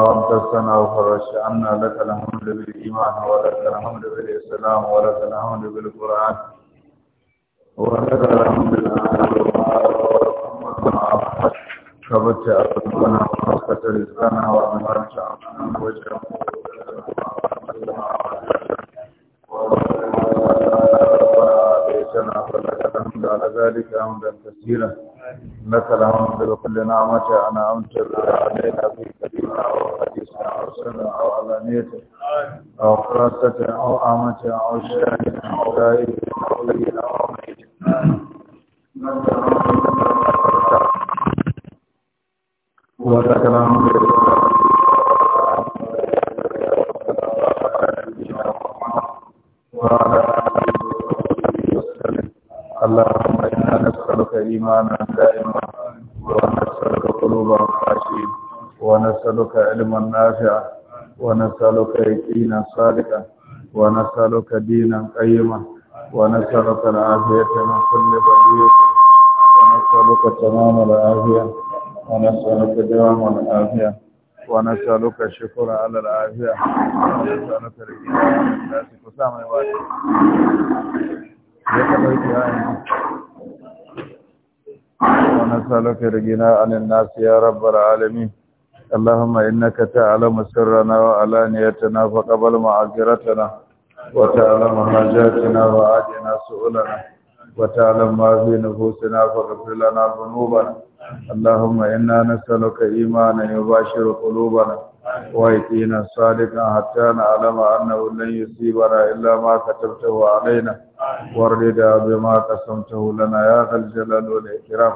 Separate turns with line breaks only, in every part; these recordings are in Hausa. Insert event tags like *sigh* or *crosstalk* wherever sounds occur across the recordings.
وانتصنا وفرش عنا لك الحمد بالإيمان ولك الحمد بالإسلام ولك الحمد بالقرآن ولك الحمد بالعالم كبت أرضنا وحفت رزقنا وأمرت عنا وجهنا ذلك عمدا كثيرا لك الحمد لكل نعمة أنا أمتر علينا في كلمة أو حديث أو سنة أو علانية أو خلاصة أو عامة أو شاهد أو غائب أو لين أو ميت
ولك الحمد
nafi'a wa nas'aluka yaqinan sadiqan wa nas'aluka dinan qayyiman wa nas'aluka al-afiyata min kulli dayyin wa nas'aluka tamama al-afiya wa nas'aluka dawama al-afiya wa nas'aluka shukra ala al-afiya wa wa nasaluka rigina anil nasi ya rabbal alamin اللهم إنك تعلم سرنا وعلانيتنا فقبل معذرتنا وتعلم حاجاتنا وعادنا سؤلنا وتعلم ما في نفوسنا فغفر لنا ذنوبنا اللهم إنا نسألك إيمانا يباشر قلوبنا ويقينا صادقا حتى نعلم أنه لن يصيبنا إلا ما كتبته علينا واردنا بما قسمته لنا يا ذا الجلال والإكرام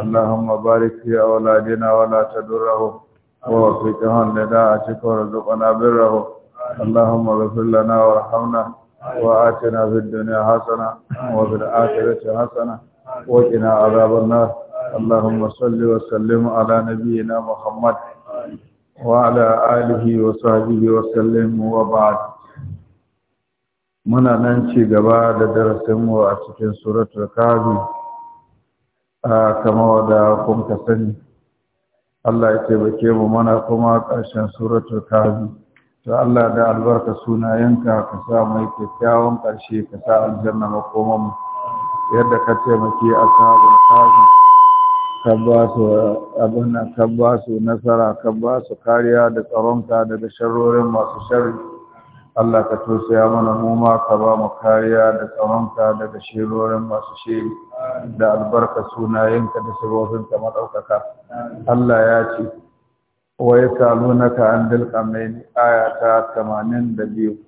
اللهم بارك في أولادنا ولا تدرهم ووفقه لداء شكر رزقنا بره اللهم اغفر لنا ورحمنا وآتنا في الدنيا حسنة وفي الآخرة حسنة وقنا عذاب النار اللهم صل وسلم على نبينا محمد وعلى آله وصحبه وسلم وبعد muna nan ci gaba da darasinmu a cikin suratul kafi a kama da kun sani Allah ya taimake mu mana kuma ƙarshen suratul kazi. to Allah da albarka sunayenka ka sa mai kyakkyawan ƙarshe ka sa aljanna makoman mu yadda ka taimake ashabul kafi ka ba su abin nan ka ba su nasara ka ba su kariya da tsaronka daga sharrorin masu sharri Allah ka tosaya mana mu ma ka ba mu kariya da tsaronka daga shirorin masu shiri da albarka sunayenka da sabobinka maɗaukaka Allah ya ce wa ya ka an dilka mai aya ta da biyu.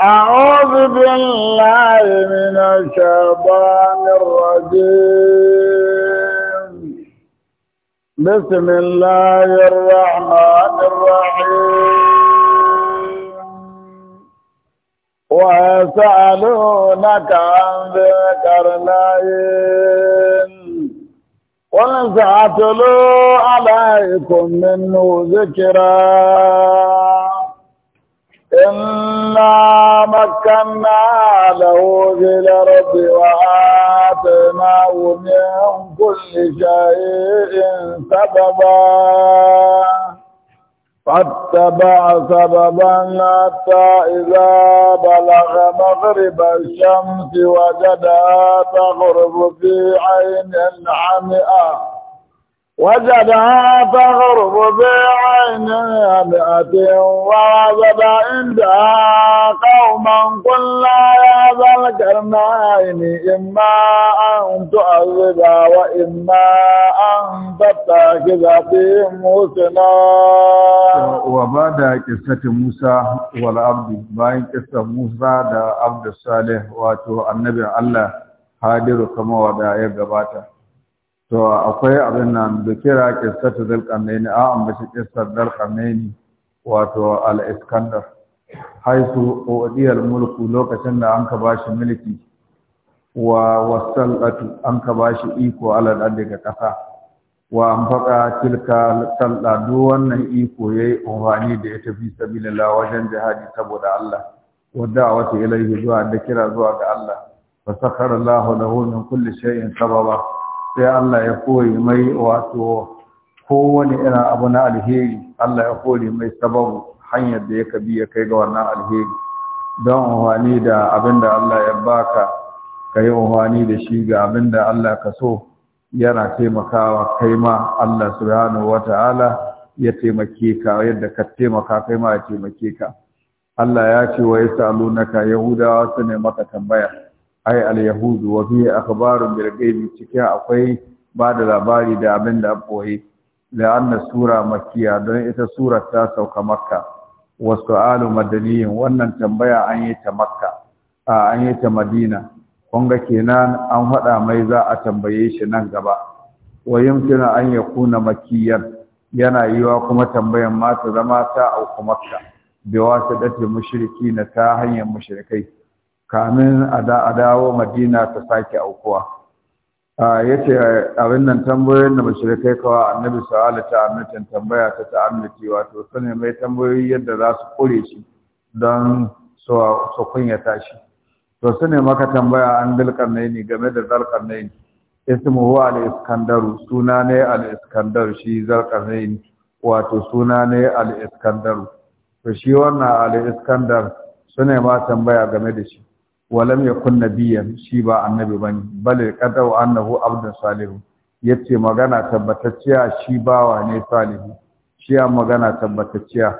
أعوذ بالله من الشيطان الرجيم بسم الله الرحمن الرحيم ويسألونك عن ذكر العين قل سأتلو عليكم منه ذكرًا إنا مكنا له في الأرض وآتيناه من كل شيء سببا فاتبع سببا حتى إذا بلغ مغرب الشمس وجدها تغرب في عين حمئة وجدها تغرب في عينها مئة ووجد عندها قوما قلنا يا ذا الكرمين إما أن تؤذب وإما أن تتخذ فيهم حسنا
وبعد قصة موسى والعبد بعد قصة موسى بعد عبد الصالح واتو النبي الله هادر كما ودا يا to akwai abin nan da kira kissatu zalqarnaini a ambaci kissar zalqarnaini wato al-iskandar haisu odiyal mulku lokacin da an ka ba shi mulki wa wasallatu an ka ba shi iko ala daga kasa wa an faka tilka salla duk wannan iko yayi umarni da ya tafi sabilillah wajen jihadi saboda Allah wadda wata ilaihi zuwa da kira zuwa ga Allah fa sakhara Allahu lahu min kulli shay'in sababa sai Allah ya kore mai wato kowane irin abu na alheri Allah ya kore mai sababu hanyar da ya kabi ya kai ga wannan alheri don wani da abin da Allah ya baka ka yi wani da shi ga abin da Allah ka so yana taimakawa kai ma Allah subhanahu wata'ala ya taimake ka yadda ka taimaka kai ma ya taimake ka Allah ya ce wa yasalunaka yahudawa su ne maka tambaya ai al-yahud wa fi akhbarun bil ghaib cikin akwai ba da labari da abin da boye anna sura makkiya don ita sura ta sauka makka wa su'alu madaniyin wannan tambaya an yi ta makka a an yi ta madina kun ga kenan an haɗa mai za a tambaye shi nan gaba wa yumkina an yakuna makkiyan yana yiwa kuma tambayan ma ta zama ta auku makka bi wasu dace mushriki na ta hanyar mushrikai kamin a dawo madina ta sake aukuwa ya ce abin nan tambayoyin da kai kawa annabi sa'ala ta amincin tambaya ta ta'amiti wato sani mai tambayoyi yadda za su kure shi don su kunyata shi to sune maka tambaya an na yini game da na dalkarnaini huwa al-iskandaru suna ne al-iskandar shi na yini wato suna ne al-iskandaru to shi wannan al-iskandar ne ma tambaya game da shi walam kunna nabiyyan shi ba annabi bane bal qadaw annahu abdun salihu yace magana tabbatacciya shi bawa ne salihu shi ya magana tabbatacciya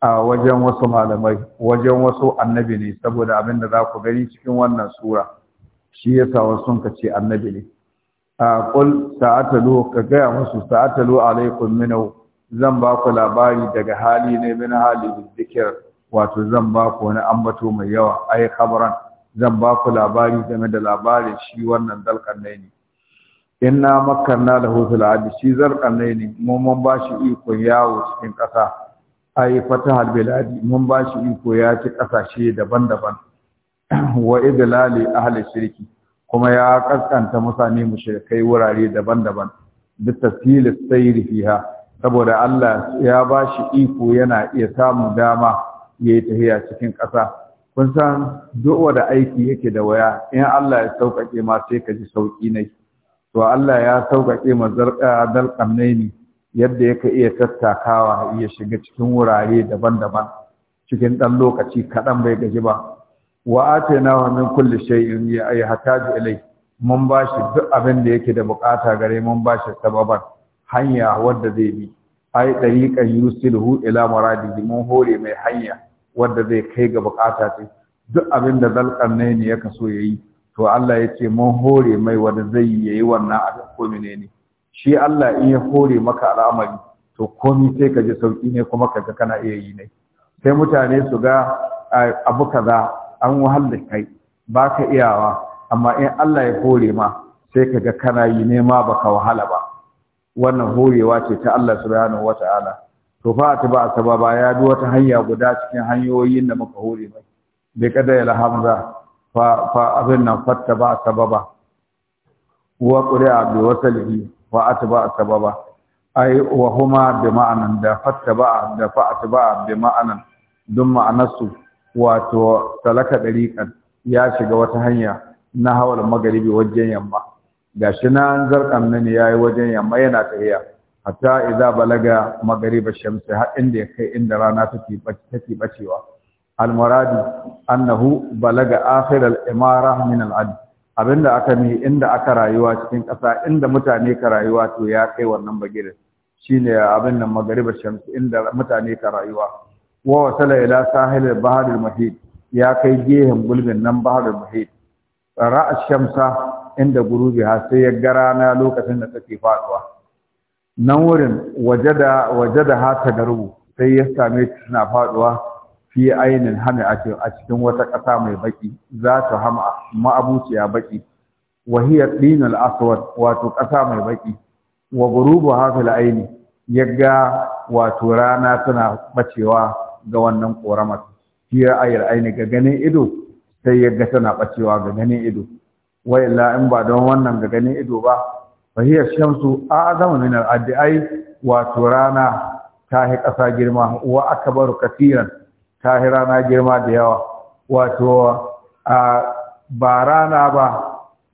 a wajen wasu malamai wajen wasu annabi ne saboda abin da za ku gani cikin wannan sura shi sa wasu sun ce annabi ne a qul sa'atalu ka gaya musu sa'atalu alaikum minhu zan ba ku labari daga hali ne min hali dhikr wato zan ba ku wani ambato mai yawa ai khabaran zan ba ku labari game da labarin shi wannan na inna na da hotul adi shi ne, mu mun ba shi iko yawo cikin ƙasa ai fatahal biladi mun ba shi iko ya ci ƙasashe daban-daban *clears throat* wa idlali ahli shirki kuma ya kaskanta mutane mushrikai wurare daban-daban bi tasilis sayri fiha saboda Allah ya ba shi iko yana iya samun dama yayi tafiya cikin ƙasa kun san duk da aiki yake da waya in Allah ya sauƙaƙe ma sai ka ji sauƙi ne to Allah ya sauƙaƙe ma eh, ne yadda yake iya tattakawa ya shiga cikin wurare daban-daban cikin ɗan lokaci kaɗan bai gaji ba wa atayna wa min kulli shay'in ya yahtaju ilai mun bashi duk abin da yake da bukata gare mun bashi sababan hanya wadda zai bi ai dariqan yusilhu ila muradihi mun hore mai hanya wanda zai kai ga bukata ce duk abin da ne ya kaso ya yi to Allah ya ce mun hore mai wanda zai yi ya yi wannan abin ko ne shi Allah in ya hore maka al'amari to komi sai ka ji sauƙi ne kuma ka ga kana iya yi ne sai mutane su ga abu kaza an wahala kai ba iyawa amma in Allah ya hore ma sai ka ga kana yi ma baka wahala ba wannan horewa ce ta Allah subhanahu wata'ala to fa ta ba ba ya bi wata hanya guda cikin hanyoyin da muka hore mai bai kada ya lahamza fa fa abin nan ta ba sababa wa qur'a bi wasalihi wa atba sababa ai wa huma bi ma'anan da ta ba da fa ba bi ma'anan dun ma'anarsu wato talaka dariqan ya shiga wata hanya na hawal magaribi wajen yamma gashi nan zarkan nan yayi wajen yamma yana tafiya hatta idza balaga ash-shams ha inda ya kai inda rana take take bacewa al muradi annahu balaga akhir al imara min al ad abinda aka mi inda aka rayuwa cikin ƙasa inda mutane ka rayuwa to ya kai wannan bagirin shine abin nan ash-shams inda mutane ka rayuwa wa wasala ila sahil al bahr al muhit ya kai gehen gulbin nan bahr al muhit ra'a shamsa inda gurubi ha sai ya ga rana lokacin da take faduwa nan wurin waje da ha ta sai ya same ta suna faduwa fi ainin hami a cikin wata ƙasa mai baki za ta hama ma'abuciya baki wahiyar dinul aswad wato ƙasa mai baƙi, wa gurubu hafil aini yaga wato rana suna bacewa ga wannan ƙoramar, fiye ayar aini ga ganin ido sai yaga tana bacewa ga ganin ido wa illa in ba don wannan ga ganin ido ba fahiyar shamsu a zama minar addiai wato rana ta hi ƙasa girma wa aka baru kasiran ta hi rana girma da yawa wato ba rana ba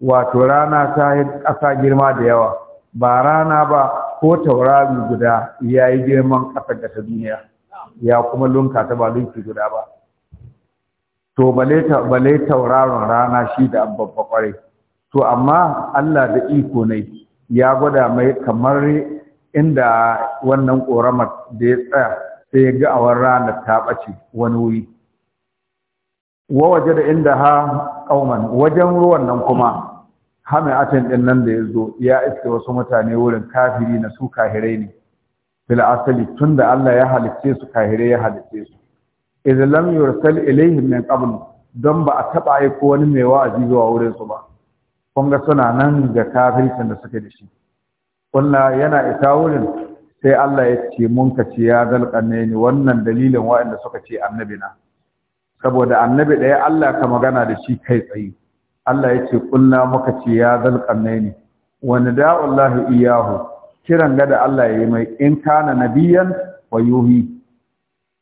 wato rana ta hi ƙasa girma da yawa ba rana ba ko taurari guda ya yi girman ƙasar da ta duniya ya kuma lunka ta ba lunki guda ba to bale tauraron rana shi da babba kwarai to amma Allah da iko ne ya gwada mai kamar inda wannan ƙoramar da ya tsaya sai ya ga awar rana ta ɓace wani wuri wa waje da inda ha ƙauman wajen ruwan nan kuma hame atin ɗin nan da ya zo ya iske wasu mutane wurin kafiri na su kahirai ne fil asali tun da Allah ya halicce su kahire ya halicce su idan lam yursal ilaihim min qabl don ba a taɓa aiko wani mai wa'azi zuwa wurin su ba kun suna nan ga kafircin da suke da shi kunna yana isa wurin sai Allah ya ce mun ka ce ya zalƙanne ni wannan dalilin waɗanda suka ce annabi na saboda annabi ɗaya Allah ka magana da shi kai tsaye Allah ya ce kunna muka ce ya zalƙanne ni wani Allah iyahu kiran gada Allah ya yi mai in kana nabiyan wa yuhi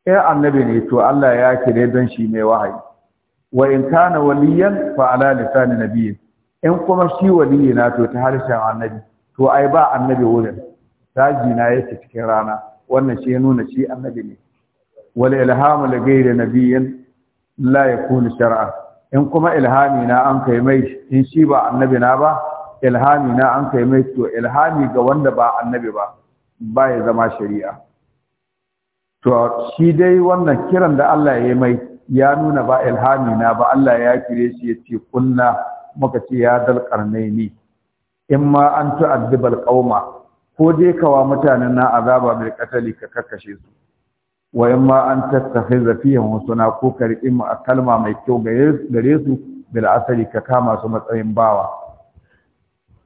ya eh, annabi ne to Allah ya kire don shi mai wahayi wa in kana waliyan fa ala lisani nabiyyin in kuma shi waliyi na to ta harshen annabi to ai ba annabi wurin taji na yake cikin rana wannan shi ya nuna shi annabi ne wal ilhamu li ghayri nabiyyin la yakunu shar'a in kuma ilhami na an kai mai in shi ba annabi na ba ilhami na an kai mai to ilhami ga wanda ba annabi ba ba ya zama shari'a to shi dai wannan kiran da Allah ya yi mai ya nuna ba ilhami na ba Allah ya kire shi ya ce kunna muka ce ya dal ne in ma an tu'addibal qauma ko dai kawa mutanen na azaba mai qatali ka kakkashe su wa in ma an tattakhiza fihim husna ko karbi mu kalma mai kyau gare su bil asali ka kama su matsayin bawa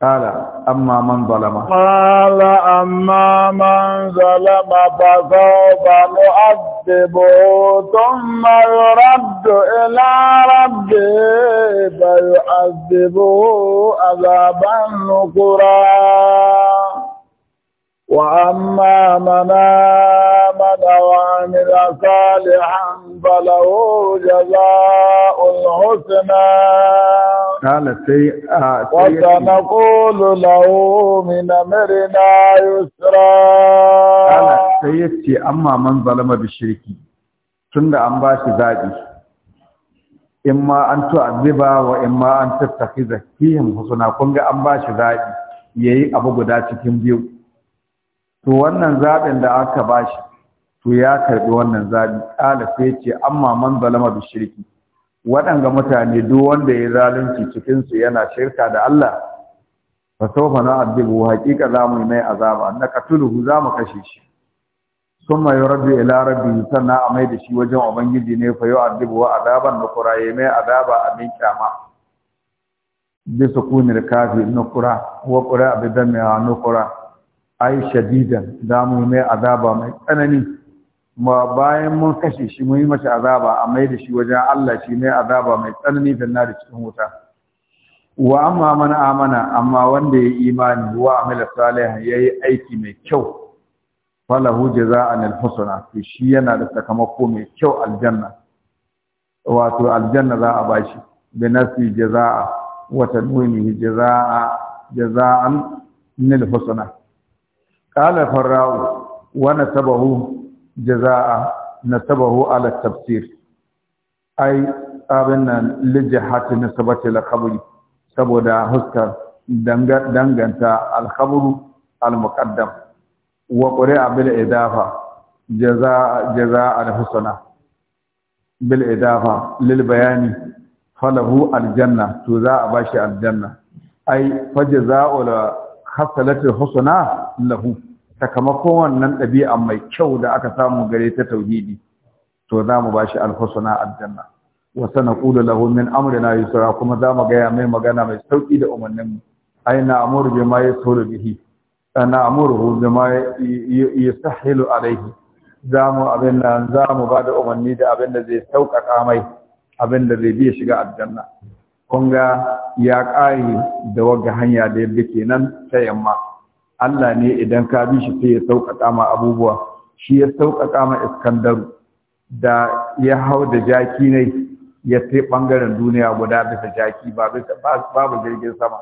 قال أما من ظلم
قال أما من ظلم فسوف نؤدبه ثم يرد إلى ربه فيعذبه عذابا نكرا وأما من آمن وعمل صالحا فله جزاء الحسنى
قال سي وسنقول
له من أمرنا يسرا قال
سيتي اما من ظلم بالشرك تند ان باشي زادي اما ان تعذبا واما ان تتخذ فيهم حسنا كنت ان باشي زادي يأي أبو قداتي cikin biyu to wannan zaɓin da aka bashi to ya karbi wannan zabi ƙala sai ce amma man zalama bi shirki waɗanga mutane duk wanda ya zalunci cikinsu yana shirka da Allah fa na na'adibu haqiqa za mu mai azaba annaka tuluhu za mu kashe shi summa yuraddu ila rabbi sannan a mai da shi wajen ubangiji ne fa yu'adibu wa azaban nukura ya mai azaba min kyama bi sukunir kafi nukura wa qura bi na nukura ai shadidan za mu mai azaba mai tsanani ma bayan mun kashe shi mun yi masa azaba a mai da shi wajen Allah shi ne azaba mai tsanani da na da cikin wuta wa amma man amana amma wanda ya imani wa amila salihan yayi aiki mai kyau falahu jaza'an al to shi yana da sakamako mai kyau aljanna wato aljanna za a bashi bi nasi jaza'a wa tanwini jaza'a jaza'an min husna qala farra'u wa nasabahu jaza'a nasabahu ala tafsir ai abin nan lijahati nasabati al-khabri saboda huskar danganta alkhabru almuqaddam al wa qari'a bil idafa jaza'a jaza'a al-husna bil idafa lil bayani falahu aljanna to za a bashi aljanna ai fa jaza'u la khasalati husna lahu sakamakon wannan ɗabi'a mai kyau da aka samu gare ta tauhidi to za mu bashi alhusna aljanna wa sanaqulu lahu min amrina yusra kuma za mu gaya mai magana mai sauki da umarnin mu aina amuru ma yasulu bihi ana amuru ma yasahilu alaihi za mu abin za mu ba da umarni da abin da zai sauƙaƙa mai abin da zai biya shiga aljanna kun ga ya ƙari da wagga hanya da yadda kenan ta yamma Allah ne idan ka bi shi sai ya sauƙaƙa ma abubuwa shi ya sauƙaƙa ma Iskandaru da ya hau da jaki ne ya tai ɓangaren duniya guda bisa jaki babu jirgin sama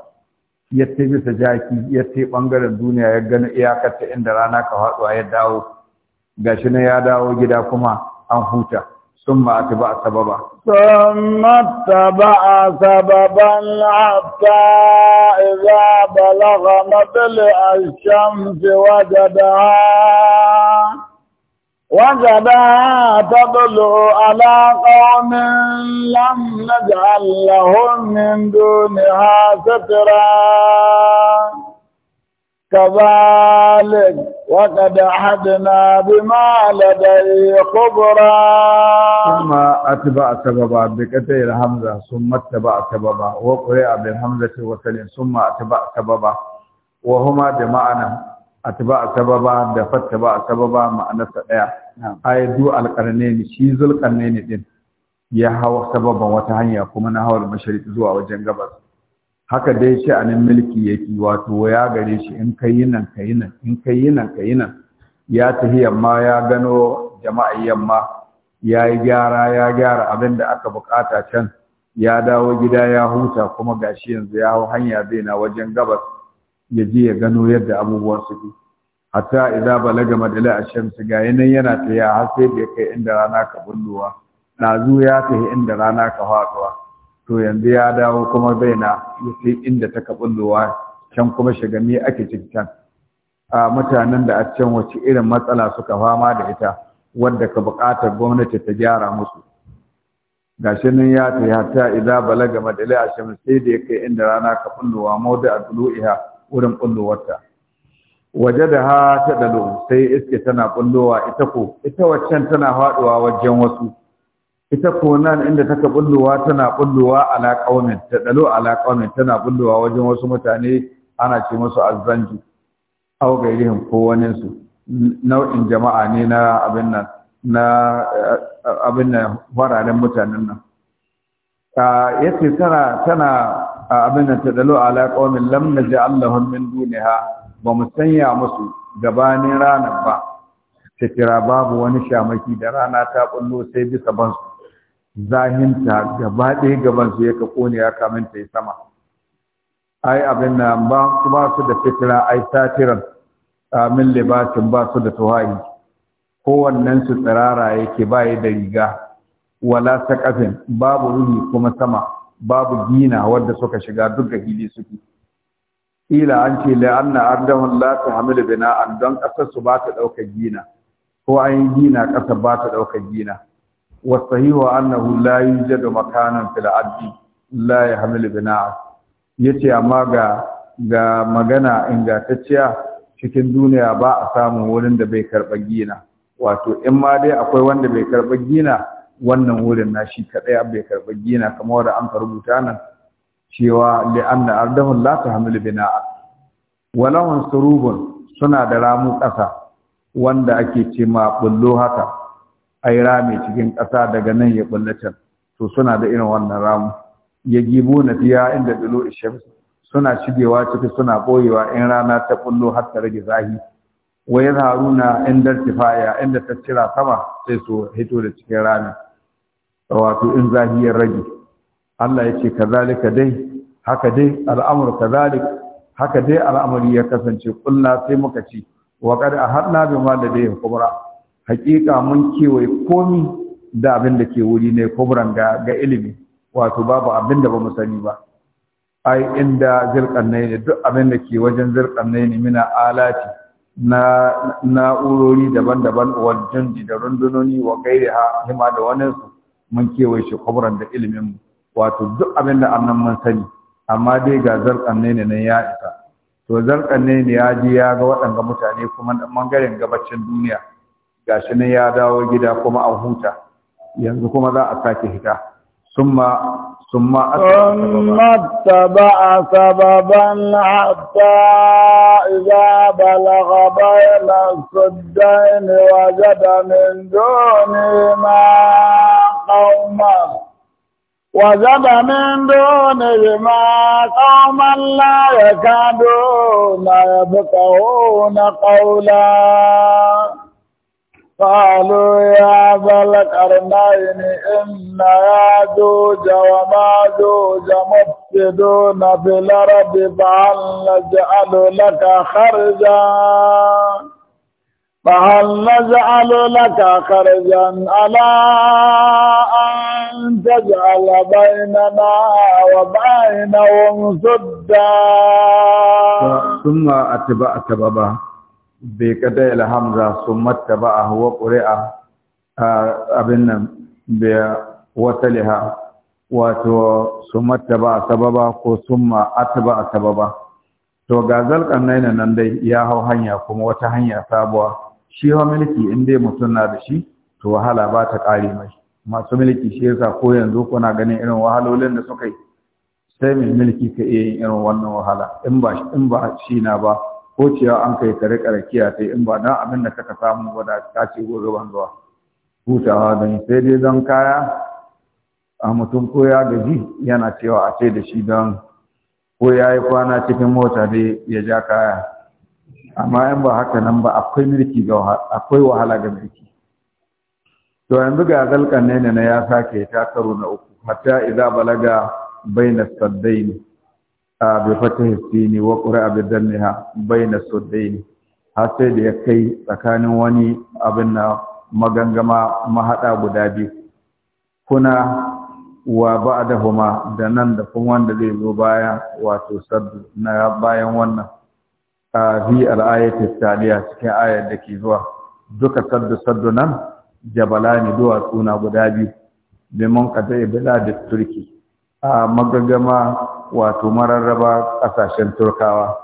ya tai bisa jaki ya tai ɓangaren duniya ya gano iyakarta inda rana ka faɗuwa ya dawo gashi na ya dawo gida kuma an huta ثم اتبع سببا ثم اتبع سببا
حتى إذا بلغ مطلع الشمس وجدها وجدها تطلع على قوم لم نجعل لهم من دونها سترا كذلك وقد عهدنا بما لدي خبرا
ثم أتبع سببا بكتير حمزة ثم أتبع سببا وقرئ بالحمزة وسلم ثم أتبع سببا وهما جمعنا أتبع سببا دفت تبع سببا معنى سأيا أي دو القرنين شيز القرنين دين يهو سببا وتهيا كمنا هو المشرق زوا وجنجبس haka dai sha'anin mulki yake wato ya gare shi in kai yi nan kai nan in kai yi nan kai nan ya tafi yamma ya gano jama'a yamma ya yi gyara ya gyara abin da aka bukata can ya dawo gida ya huta kuma gashi yanzu ya hau hanya zai na wajen gabas ya je ya gano yadda abubuwan su ke. hatta idza balaga madala shan su ga nan yana ta har sai da ya kai inda rana ka bulluwa Ɗazu ya tafi inda rana ka haɗuwa. to yanzu ya dawo kuma baina sai inda ta kabullowa can kuma shiga me ake ciki can a mutanen da a can wace irin matsala suka fama da ita wadda ka buƙatar gwamnati ta gyara musu gashi nan ya ta ya ta Bala balaga madali a shams sai da kai inda rana ka ɓullowa Maudu a dulu'iha wurin Waje da ha ta dalu sai iske tana ɓullowa ita ko ita waccan tana haɗuwa wajen wasu ita ko nan inda take bullowa tana bullowa ala qaumin ta dalo ala qaumin tana bullowa wajen wasu mutane ana ce musu azzanju aw gairihim ko wani su nau'in jama'a ne na abin nan na abin nan fararen mutanen nan yace tana tana abin ta dalo ala qaumin lam naji lahum min duniha ba mu sanya musu gabanin ranar ba ta kira babu wani shamaki da rana ta kullo sai bisa ban zahinta gaba ɗaya gaban su ka kone ya kamin ta yi sama ai abin na ba ba su da fitira ai satiran amin libasin ba su da tuhayi kowannen su tsirara yake ba da riga wala sakafin babu ruhi kuma sama babu gina wadda suka shiga duk ga hili suke ila an ce la anna ardahum la bina an don kasar su ba ta daukar gina ko an yi gina kasar ba ta daukar gina wasahihu annahu la yujadu makanan fil ardi la yahmilu bina'a yace amma ga ga magana ingantacciya cikin duniya ba a samun wurin da bai karɓa gina wato in ma dai akwai wanda bai karɓa gina wannan wurin na shi kaɗai bai karɓa gina kamar wanda an rubuta nan cewa li'anna ardahun la tahmilu bina'a walahun surubun suna da ramu ƙasa wanda ake ce ma bullo haka Ai rami cikin ƙasa daga nan ya ɓulla can to suna da irin wannan ramu ya gibu na fiya inda bilo ishams suna shigewa ciki suna ɓoyewa in rana ta ɓullo har ta rage zahi wa ya in inda tifaya inda ta cira sama sai su hito da cikin rami wato in zahi ya rage Allah ya ce kazalika dai haka dai al'amur kazalik haka dai al'amari ya kasance kulla sai muka ci wa qad ahadna bima ladayhi kubra hakika mun kewaye komi da abin da ke wuri ne kuburan ga ilimi wato babu abin da bamu sani ba ai inda nai ne duk abin da ke wajen nai ne mina alati na na'urori daban-daban wajen da rundunoni wa ha hima da wani su mun kewaye shi kuburan da ilimin mu wato duk abin da annan mun sani amma dai ga nai ne nan ya isa to nai ne ya ji ya ga waɗanga mutane kuma bangaren gabacin duniya gashi nan ya dawo gida kuma an huta yanzu kuma za a sake hita summa summa
attaba'a sababan hatta idza balagha bayna as-saddain wajada min duni ma qauman وجد من دونهما قوما لا يكادون يفقهون قولا قالوا يا ذا القرنين إن وما وماجوج مفسدون في الأرض فهل نجعل لك خرجا فهل نجعل لك خرجا على أن تجعل بيننا وبينهم سدا
ثم أتبع سببا bai kada alhamza sun matta ba a huwa ƙuri'a abin nan bai wata liha wato sun matta ba a sababa ko sun ma ba a sababa to ga zalkan naina nan dai ya hau hanya kuma wata hanya sabuwa shi hau milki in dai mutum na da shi to wahala ba ta ƙare mai masu milki shi yasa ko yanzu kuna ganin irin wahalolin da suka yi sai mai milki ka iya yin irin wannan wahala in ba shi na ba ko ciya an kai kare rika rakiya sai in ba dan abin da kaka samu ba da ka gobe ban zuwa hutawa don sai dai zan kaya a mutum ko ya gaji yana cewa a ce da shi don ko ya yi kwana cikin mota ne ya ja kaya amma in ba haka nan ba akwai mulki ga akwai wahala ga mulki to yanzu ga zalkan ne na ya sake ta karo na uku hatta idza balaga bainas saddaini بفتح bai na بدمها بين har sai da ya kai tsakanin wani abin na magangama mahaɗa guda biyu kuna wa ba da huma da nan da kun wanda zai zo baya wato sardu na bayan wannan a fi al'ayatis taliya cikin ayar da ke zuwa duka sardu sardu nan jabalani ne zuwa tsuna guda biyu domin kata ibila da turki a magangama wato mararraba ƙasashen turkawa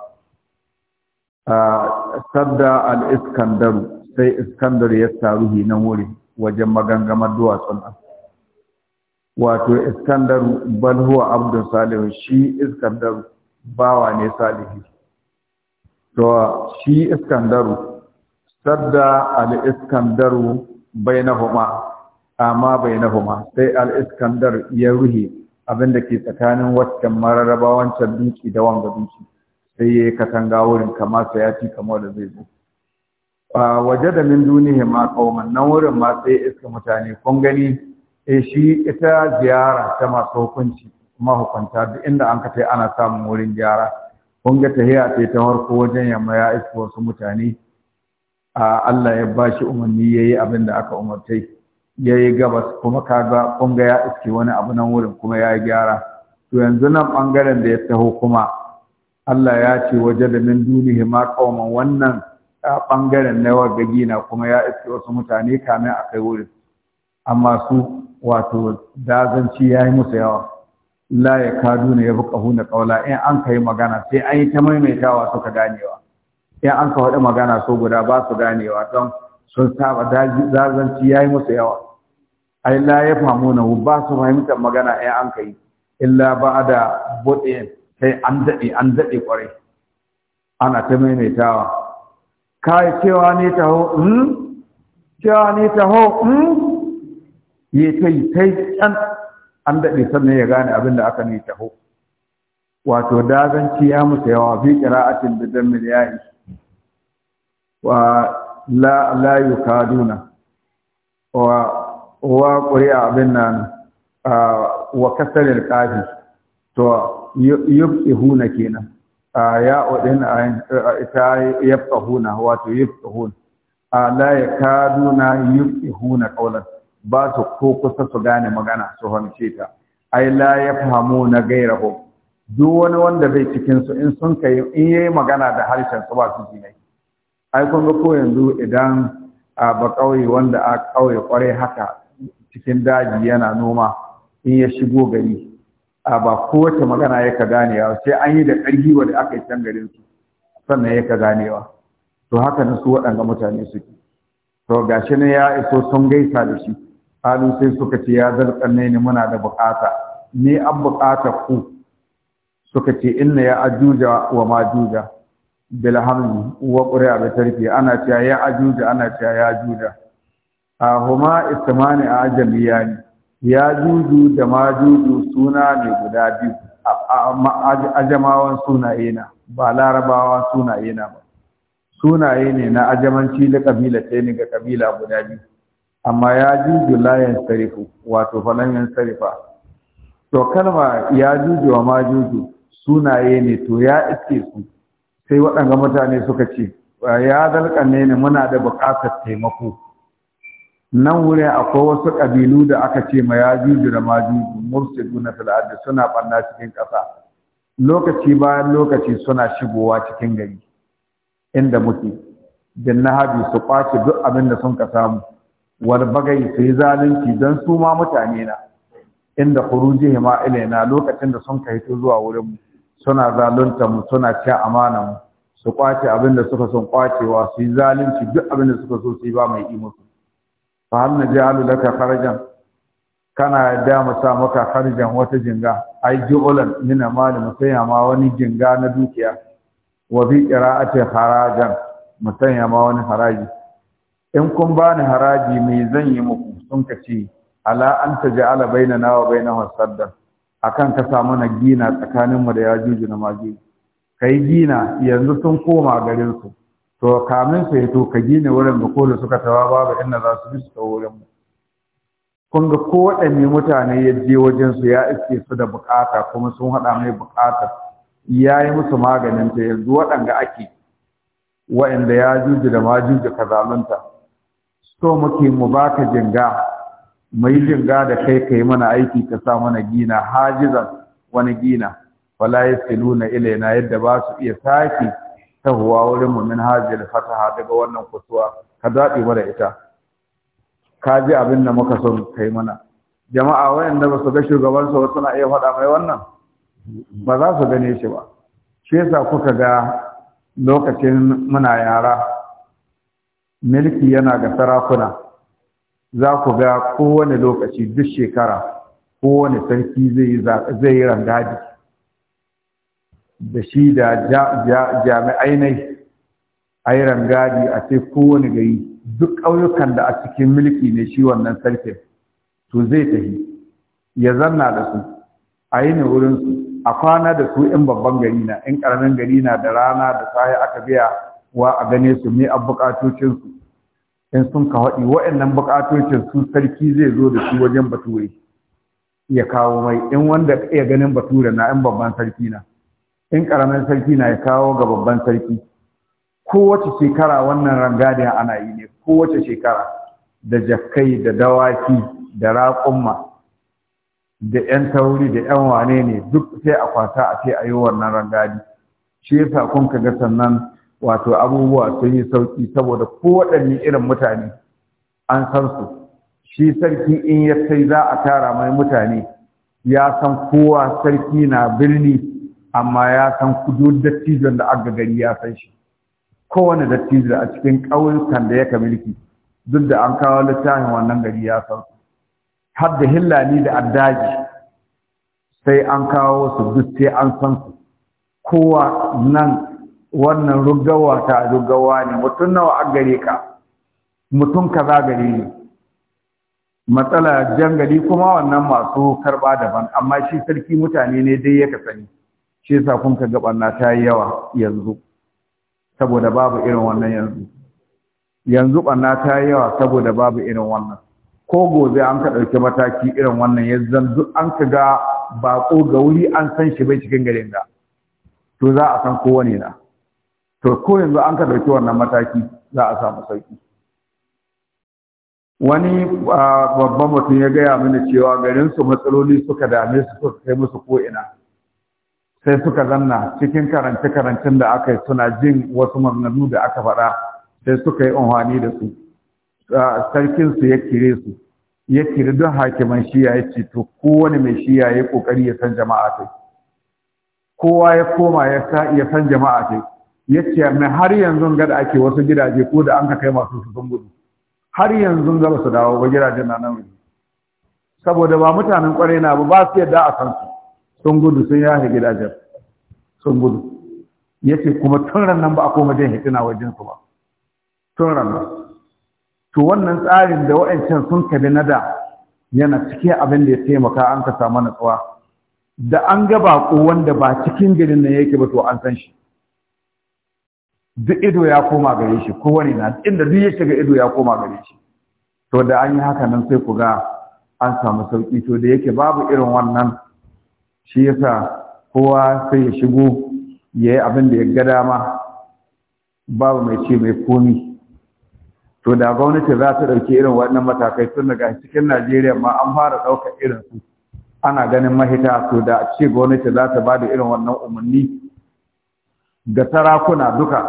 sadda al-iskandaru sai iskandar ya taruhi nan wuri wajen magangamar duwatsun nan wato iskandaru bal huwa abdun salihu shi iskandaru bawa ne salihi to shi iskandaru sadda al-iskandaru bainahuma amma bainahuma sai al-iskandar ya ruhi abin da ke tsakanin waccan mararraba wancan dunki da wanga binci sai ya yi katanga wurin kama sa ya ci kama da zai zo waje da min duniya ma kauman nan wurin ma sai iska mutane kun gani E shi ita ziyara ta masu hukunci kuma hukunta duk inda an ka ana samun wurin gyara kun ga ta hiya ta farko wajen yamma ya iska wasu mutane a Allah ya bashi umarni ya yi abin da aka umartai ya yi gabas kuma kaga kunga ya iske wani abu nan wurin kuma ya gyara to yanzu nan ɓangaren da ya taho kuma Allah ya ce waje da min dunihi ma kauman wannan ɓangaren na wagagi na kuma ya iske wasu mutane kamin a kai wurin amma su wato dazanci ya yi musu yawa la ya kadu ne ya buka na kaula in an ka yi magana sai an yi ta maimaitawa suka ganewa in an ka faɗi magana so guda ba su ganewa don sun saba zazanci ya yi musu yawa ai la ya famu na ba su fahimtar magana ai an kai illa ba da bude sai an dade an dade kwarai ana ta maimaitawa kai cewa ne taho hmm cewa ne hmm? ta ho ya tai tai can an dade sannan ya gane abin da aka ne ho wato ci ya musu yawa fi qira'atin da dan miliyayi wa la la yukaduna wa wa ƙuri'a abin nan wa kasarar ƙafi to yubqihuna kenan ya udin ta huna wato yubqihun la yub ihuna qawlan ba su ko kusa su gane magana su hamce ta ai la gaira gairahu duk wani wanda bai cikin su in sun kai in yayi magana da harshen su ba su ji ne ai kun ga ko yanzu idan a ba kauye wanda a kauye kware haka cikin daji yana noma in ya shigo gari a ba kowace magana ya ka ganewa sai an yi da ƙarfi wanda aka yi can garin su sannan ya ka ganewa to haka na su waɗanga mutane suke to ga shi ne ya iso sun gaisa da shi halu sai suka ce ya nai ne muna da buƙata ni an buƙata ku suka ce inna ya ajuja wa ma Juja. bilhamdi wa ƙuri'a da tarfi ana cewa ya ajuja ana cewa ya ajuja a huma istimani a ajamiya ne ya juju da ma juju suna ne guda biyu ajamawan sunaye na ba larabawa sunaye na ba sunaye ne na ajamanci da kabila ta ne ga kabila guda biyu amma ya juju layan sarifu wato falayan sarifa to kalma ya juju wa ma juju sunaye ne to ya iske su sai waɗanga mutane suka ce ya zalƙanne ne muna da buƙatar taimako nan wurin akwai wasu ƙabilu da aka ce ma ya yajuju da juju, mursiduna na ardi suna ɓanna cikin ƙasa lokaci bayan lokaci suna shigowa cikin gari inda muke din nahabi su kwace duk abin da sun ka samu wani bagai su yi zalunci don su ma mutane na inda khuruji hima na lokacin da sun ka hito zuwa wurin suna zalunta mu suna cin amana mu su ƙwace abin da suka son ƙwacewa, su yi zalunci duk abin da suka so su yi ba mai imusu fa hal naj'alu laka kharajan kana da mu sa maka kharajan wata jinga ai ju'ulan min mu musayya ma wani jinga na dukiya wa bi qira'ati kharajan musayya ma wani haraji in kun bani haraji me zan yi muku sun kace ala an nawa bainana wa bainahum saddan akan ka sa mana gina tsakaninmu da yajuju na majuju kai gina yanzu sun koma garinsu to kamin sai to ka gina wurin da kola suka tawa babu inda za su bi su ta wurin mu kun ga wadanne mutane ya je wajen su ya iske su da bukata kuma sun haɗa mai bukata ya yi musu maganin ta yanzu waɗanda ake wa'anda ya juji da ma juji ka zalunta so muke mu baka jinga mai jinga da kai kai mana aiki ka sa mana gina hajizan wani gina wala yasiluna ilaina yadda ba su iya sake tahuwa wurin mu min hajiyar fataha daga wannan kusuwa ka zaɓi mana ita ka ji abin da muka son kai mana jama'a wayanda ba su ga shugabansa wasu na iya faɗa mai wannan ba za su gane shi ba shi yasa kuka ga lokacin muna yara milki yana ga sarakuna za ku ga kowane lokaci duk shekara kowane sarki zai yi rangadi da shi da jami'ai ne a yi rangadi a ce kowane gari duk ƙauyukan da a cikin mulki ne shi wannan sarkin to zai tafi ya zanna da su a yi ne wurinsu a kwana da su in babban gari na in ƙaramin gari na da rana da sahi aka biya wa a gane su me a buƙatocinsu in sun ka haɗi wa'annan buƙatocin su sarki zai zo da su wajen bature ya kawo mai in wanda ya ganin bature na in babban sarki na in ƙaramin sarki na ya kawo ga babban sarki kowace shekara wannan rangadiya ana yi ne kowace shekara da jakai, da dawaki da raƙumma da 'yan tauri da 'yan wane ne duk sai a kwasa a ce a yi wannan rangadi shi yasa kun ga sannan wato abubuwa sun yi sauƙi saboda kowaɗanne irin mutane an san su shi sarki in ya sai za a tara mai mutane ya san kowa sarki na birni amma ya san kudu dattijon da aka gari ya san shi kowane dattijo a cikin ƙauyukan da ka mulki duk da an kawo littafin wannan gari ya san su har da hillani da addaji sai an kawo su duk sai an san su kowa nan wannan rugawa ta rugawa ne mutum nawa a gare ka mutum kaza gare ne matsala jan gari kuma wannan masu karba daban amma shi sarki mutane ne dai ya kasani sani shi yasa kun ka ga ta yi yawa yanzu saboda babu irin wannan yanzu yanzu barna ta yi yawa saboda babu irin wannan ko gobe an ka ɗauki mataki irin wannan yanzu duk an ka ga baƙo ga wuri an san shi bai cikin garin da to za a san kowane na to ko yanzu an ka ɗauki wannan mataki za a samu sauki wani ah, babban mutum ya gaya mini cewa su matsaloli suka dame su suka kai musu ko'ina sai suka zanna cikin karance-karancen da aka yi suna jin wasu maganganu da aka faɗa sai suka yi unhwani da su sarkinsu ya kire su ya kiri don hakiman shiya ya ce to kowane mai shiya ya kokari ya san jama'a ta kowa ya koma ya san jama'a ta ya ce mai har yanzu ga da ake wasu gidaje ko da an ka kai masu su sun gudu har yanzu ga su dawo ba gidajen na nan saboda ba mutanen kwarai na ba ba su yadda a san su sun gudu sun yahe gidajen sun gudu ya ce kuma tun ranar ba a koma jan hitina wajensu ba tun ranar to wannan tsarin da wa'ancan sun kabi na da yana cikin abin da ya taimaka an ka samu natsuwa da an ga bako wanda ba cikin garin nan yake ba to an san shi duk ido ya koma gare shi kowane na inda duk ya shiga ido ya koma gare shi to da an yi haka nan sai ku ga an samu sauƙi to da yake babu irin wannan shi yasa kowa sai ya shigo ya yi abin da ya ga dama babu mai ce mai komi to da gwamnati za ta ɗauki irin waɗannan matakai tun daga cikin najeriya ma an fara ɗaukar irin su ana ganin mahita to da a ce gwamnati za ta ba da irin wannan umarni ga sarakuna duka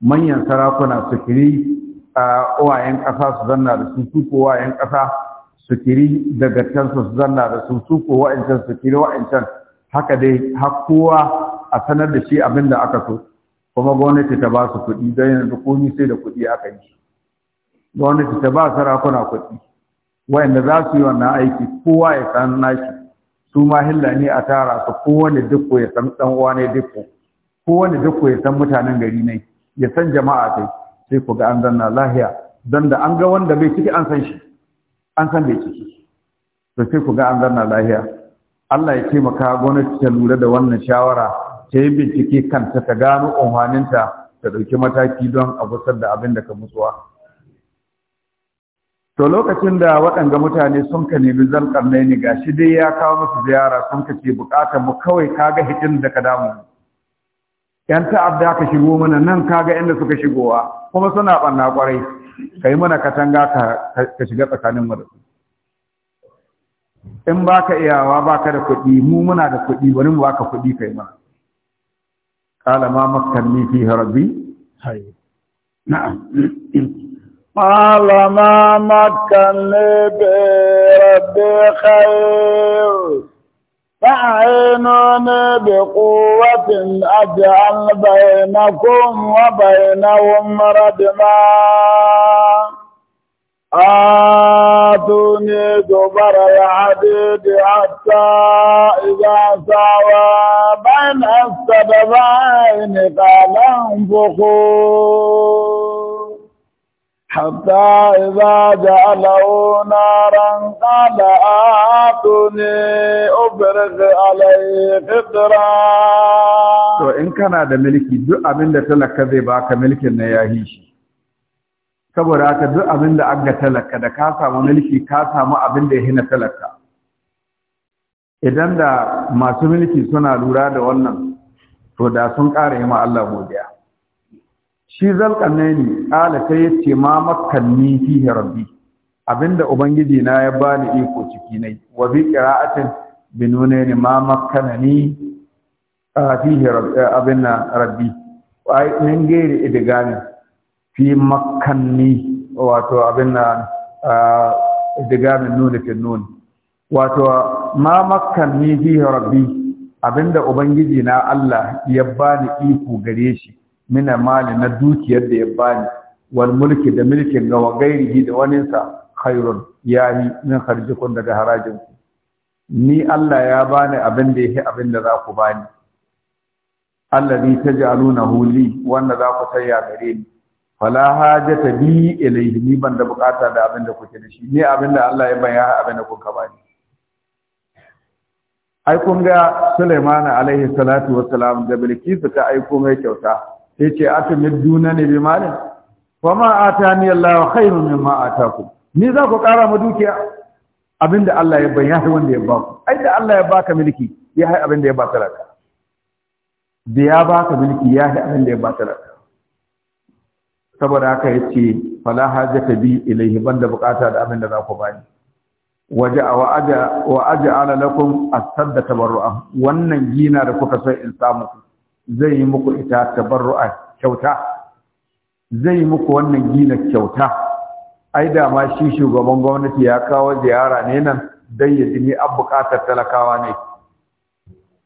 manyan sarakuna su kiri a ƙasa su zanna da su su yan ƙasa Sukiri daga can su zanna da su suko ko wa'ancan sukiri wa'ancan haka dai har kowa a sanar da shi abin da aka so kuma gwamnati ta ba su kuɗi don yanzu komi sai da kuɗi aka yi gwamnati ta ba sarakuna kuɗi wa'anda za su yi wannan aiki kowa ya san nashi su ma hilla ne a tara su kowane dukko ya san ɗan uwa ne dukko kowane dukko ya san mutanen gari ne ya san jama'a sai sai ku ga an zanna lahiya don da an ga wanda bai ciki an san shi an san bai ciki to sai ku ga an zanna lahiya Allah ya taimaka gwamnati ta lura da wannan shawara ta yi bincike kanta ta gano unhaninta ta ɗauki mataki don a gusar da abin da ka mutuwa. To lokacin da waɗanga mutane sun ka nemi zarkar ne ga shi dai ya kawo musu ziyara sun ka ce buƙatar mu kawai kaga hikin da ka damu. ‘Yan ta'adda ka shigo mana nan kaga inda suka shigowa kuma suna ɓanna ƙwarai. ka yi mana katanga ka shiga tsakanin mu da in ba ka iyawa ba ka da kuɗi mu muna da kuɗi wani mu ba ka kuɗi ka yi mana ƙala ma makanni fi harabi
ƙala ma ما مكنني بربي خير فأعينوني بقوة أجعل بينكم وبينهم ردما آتوني دبر العديد حتى إذا ساوى بين السببين قال انفخوا حتى إذا جعله نارا قال آتني أبرغ عليه قطرا
to in kana da mulki duk abin da talaka zai baka mulkin na yahi shi saboda haka duk abin da an ga talaka da samu mulki ka samu abin da ya hina talaka idan da masu milki suna lura da wannan to da sun ƙara yi ma Allah godiya shi zalƙannaini ƙala ta yi ce ma makanni fiye rabbi abinda ubangiji na ya bani iko ciki nai wa bi qira'atin ni ma makkanani fihi abinna rabbi ai min gairi idigani fi makanni wato abinna idigani nuni fi nuni wato ma makanni fiye rabbi abinda ubangiji na Allah ya bani iko gare shi Mina mali na dukiyar da ya bani wal mulki da mulkin ga wagairihi da waninsa khairun yi min harjikun daga harajin ku ni Allah ya bani abin da yake abin da za ku bani Allah ta allazi taj'alunahu huli wanda za ku tayya gare ni fala ta bi ilayhi ni ban da bukata da abin da kuke da shi ni abin da Allah ya bayyana abin da ka bani ai kun ga Sulaiman alaihi salatu wassalam da Bilkisu ta aiko mai kyauta yace atamid duna ne bi mali wa ma atani Allah khairu mimma atakum ni za ku ƙara ma dukiya abinda Allah ya ban yayi wanda ya ba ku ai da Allah ya baka miliki, ya hai abinda ya ba talaka da ya baka miliki, ya hai abinda ya ba talaka saboda haka yace fala ta bi ilaihi banda bukata da abinda za ku bani waje a wa'aja wa ala lakum as-sadda tabarru'a wannan gina da kuka sai in samu zai yi muku ita tabarru'a kyauta zai yi muku wannan gina kyauta ai da ma shi shugaban gwamnati ya kawo ziyara ne nan dan ya dini an buƙatar talakawa ne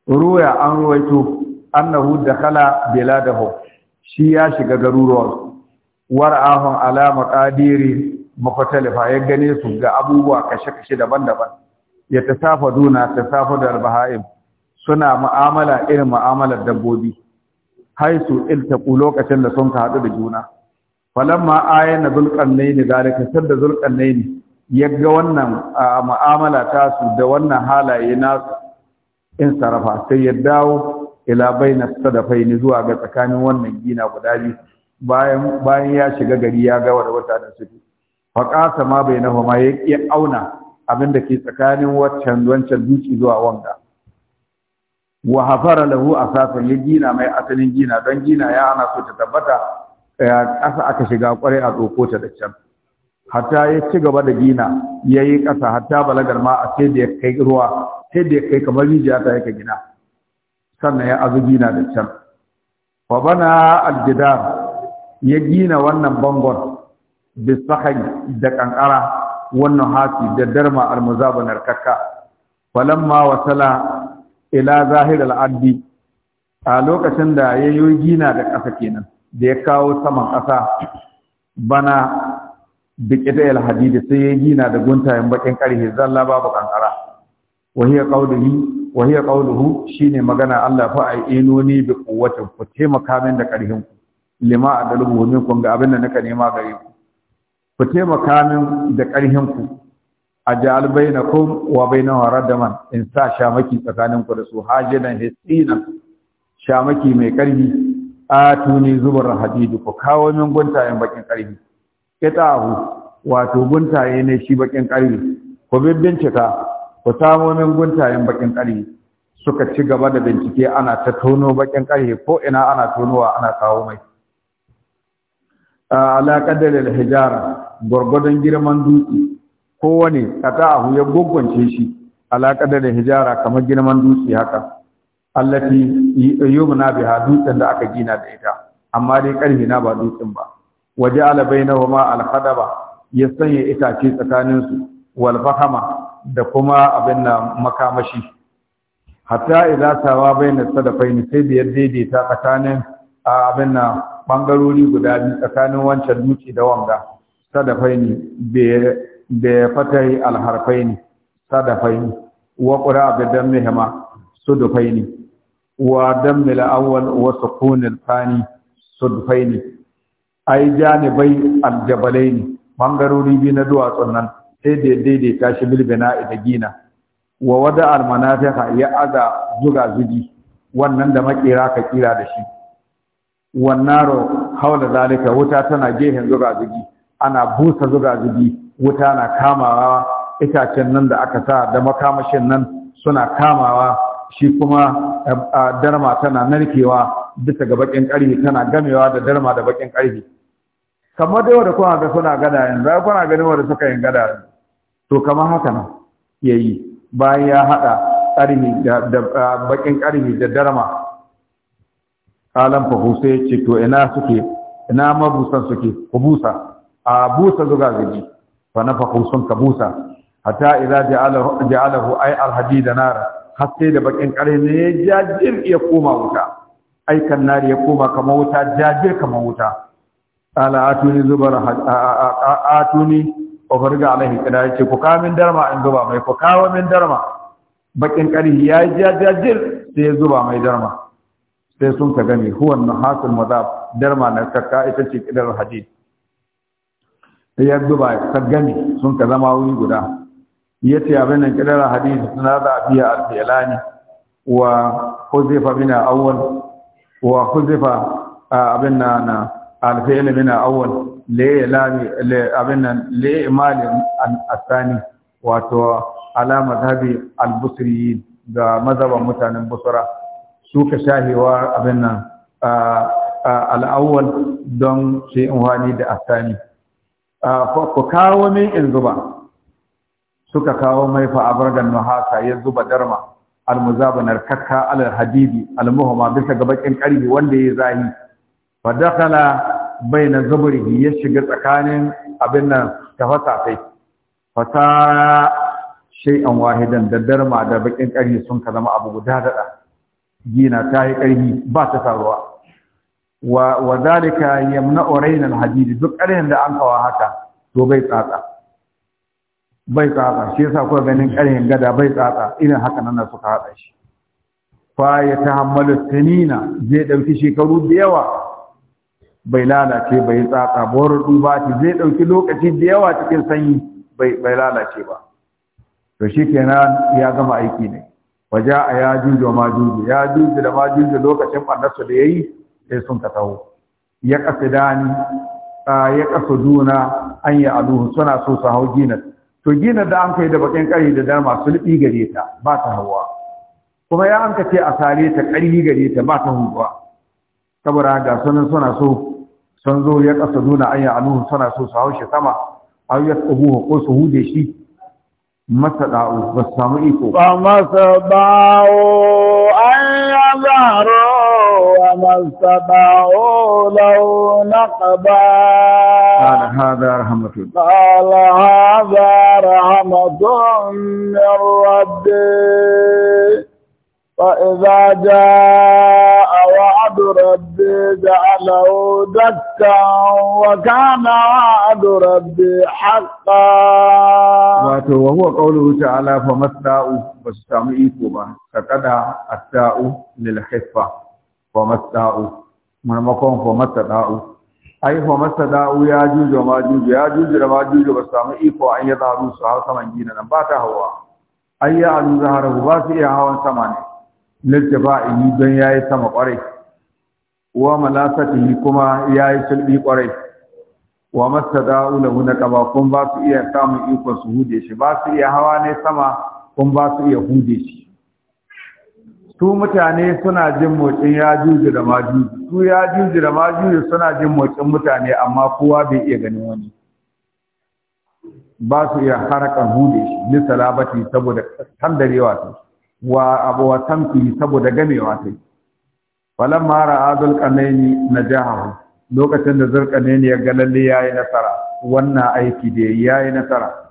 ruya an ruwaito annahu dakhala biladahu shi ya shiga garuruwan war'ahun alama qadiri mafatalifa ya gane su ga abubuwa kashe-kashe daban-daban ya tasafa duna tasafa da albaha'im suna mu'amala irin mu'amalar dabbobi haisu iltaqu lokacin da sun haɗu da juna falamma ayana zulqarnaini zalika sadda zulqarnaini yaga wannan mu'amala ta su da wannan halaye na in sarafa sai ya dawo ila baina sadafaini zuwa ga tsakanin wannan gina guda biyu bayan bayan ya shiga gari ya ga wata da suke fa qasama ma bainahuma ya auna abinda ke tsakanin waccan wancan duki zuwa wanga wa hafara lahu asasan ya gina mai asalin gina don gina ya ana so ta tabbata ya eh, ƙasa aka shiga kwarai a tsoko ta da can hatta ya ci gaba da gina ya yi ƙasa hatta balagar ma a sai da ya kai ruwa sai da ya kai kamar rijiya ta yake gina sannan ya azu gina da can wa bana aljidar ya gina wannan bangon bisahai da ƙanƙara, wannan hasi da darma almuzabu kakka falamma wasala ila zahir al'addi a lokacin da ya yi gina da ƙasa kenan da ya kawo saman ƙasa bana biƙita al hadidi sai ya gina da guntayen bakin ƙarhe zalla babu kankara wahiya qauluhu wahiya qauluhu shine magana Allah fa ai inoni bi quwwatin ku taimaka min da ƙarhin ku lima adalu kun ga abin da naka nema gare ku ku taimaka min da ƙarhin ku ajal bainakum wa bainahu radaman in sa shamaki tsakanin ku da su hajinan hisina shamaki mai karfi atuni zubar hadid ku kawo min guntayen bakin karfi kitahu wato guntaye ne shi bakin karfi ku bincika ku samo min guntayen bakin karfi suka ci gaba da bincike ana ta tono bakin karfi ko ina ana tonowa ana kawo mai ala qadar al-hijara gurgudan girman dutse kowane a ya goggonce shi ala da hijara kamar girman dutse haka allati yumna biha dutsen da aka gina da ita amma dai karfi na ba dutsen ba waje ala bainahuma al ya sanya itace tsakanin su wal fahama da kuma abin na makamashi hatta idza sawa sadafai ne sai da daidaita tsakanin abin na bangarori guda biyu tsakanin wancan dutse da wanga ne da fatai alharfaini sadafaini wa qura bi dammihima sudufaini wa dammi al wa sukun al sudufaini ai janibai al ne. bangarori biyu na duwatsun nan sai da daidaita shi bilbina ita gina wa wada almanafiha ya aza zuga zugi wannan da maƙera ka kira da shi Wannan ro, haula zalika wuta tana gehen zuga zugi ana busa zuga zugi wuta na kamawa itacen nan da aka sa da makamashin nan suna kamawa shi kuma eh, darma tana narkewa bisa ga bakin ƙarfi tana gamewa da darma da bakin ƙarfi kamar da yau da kuna ga suna gada yanzu ai kuna ganin wanda suka yin gada to kamar haka nan yayi bayan ya haɗa ƙarfi da bakin ƙarfi da darma alam fahu sai ce to ina suke ina mabusan suke ku busa a busa zuga gaji fa nafakhum ka busa. hatta idza ja'alahu ja'alahu ay alhadid nara har sai da bakin kare ne ya jajir ya koma wuta ai kan nari ya koma kamar wuta jajir kamar wuta ala atuni zubar atuni ofarga alaihi kada yace ku kawo min darma in zuba mai ku kawo min darma bakin kare ya jajir sai ya zuba mai darma sai sun ka gani huwa nahasul madab darma na kakka ita ce kidar hadid ya duba ta gani sun ka zama wuri guda ya ce abin nan kidara hadisi suna za a fiye alfiyalani wa huzifa bina awon wa huzifa abin na na alfiyal bina awon le lami le abin nan le imali asani wato alama mazhabi al-busri ga mazaban mutanen busura su ka shahewa abin nan a awwal don shi in wani da asani ku kawo min in zuba suka kawo mai fa fa'abar da nuhasa ya zuba darma almuzabanar kakka alal hadidi almuhama bisa ga bakin karbi wanda ya zahi fa dakala baina zubrihi ya shiga tsakanin abin nan tafasa Fa ta shay'an wahidan da darma da bakin karbi sun ka zama abu guda dada gina ta yi karbi ba ta taruwa wa wa zalika yamna'u rainal hadid duk ƙarhin da an kawo haka to bai tsatsa bai tsatsa shi yasa ganin ƙarhin gada bai tsatsa irin haka nan suka haɗa shi fa ya tahammalu tanina zai ɗauki shekaru da yawa bai lalace bai tsatsa bor duba ta zai ɗauki lokaci da yawa cikin sanyi bai bai lalace ba to shikenan ya gama aiki ne waja a ya juju ma juju ya juju da ma lokacin annasu da yayi sai sun ka taho ya kasidani ya kasuduna an ya aluhu suna so su hau gina to gina da an kai da bakin kari da dama sulbi gare ta ba ta hawa kuma ya an kace a sare ta kari gare ta ba ta huwa saboda ga sunan suna so sun zo ya kasuduna an ya aluhu suna so su hau shi sama aw yasquhu ko su hude shi masada'u ba su samu iko ba masada'u an yadharu
وما استطاعوا له نقبا
قال هذا رحمة
قال هذا رحمة من ربي فإذا جاء وعد ربي جعله دكا وكان وعد ربي حقا وهو
قوله تعالى فما التاء بس تعميكما فقد التاء للحفة wa masta'u marmakon wa ai wa masta'u ya juju ma juju ya juju da ma juju ba samu iko an ya zaru su hawa saman gina nan ba ta hawa ai ya an zahara ba su iya hawan sama ne yi don yayi sama kwarai wa malasatihi kuma yayi sulbi kwarai wa mastada'u lahu naqaba kun ba su iya samun iko su hude shi ba su iya hawa ne sama kun ba su iya hude shi su mutane suna jin motsin ya juji da majuji su ya juji da majuji suna jin motsin mutane amma kowa bai iya ganin wani ba su iya harakan hude shi ni salabati saboda tandarewa ta wa abu wa tamki saboda gamewa ta falan ma na qanaini najahu lokacin da zurqanaini ya ga lalle yayi nasara wannan aiki da yayi nasara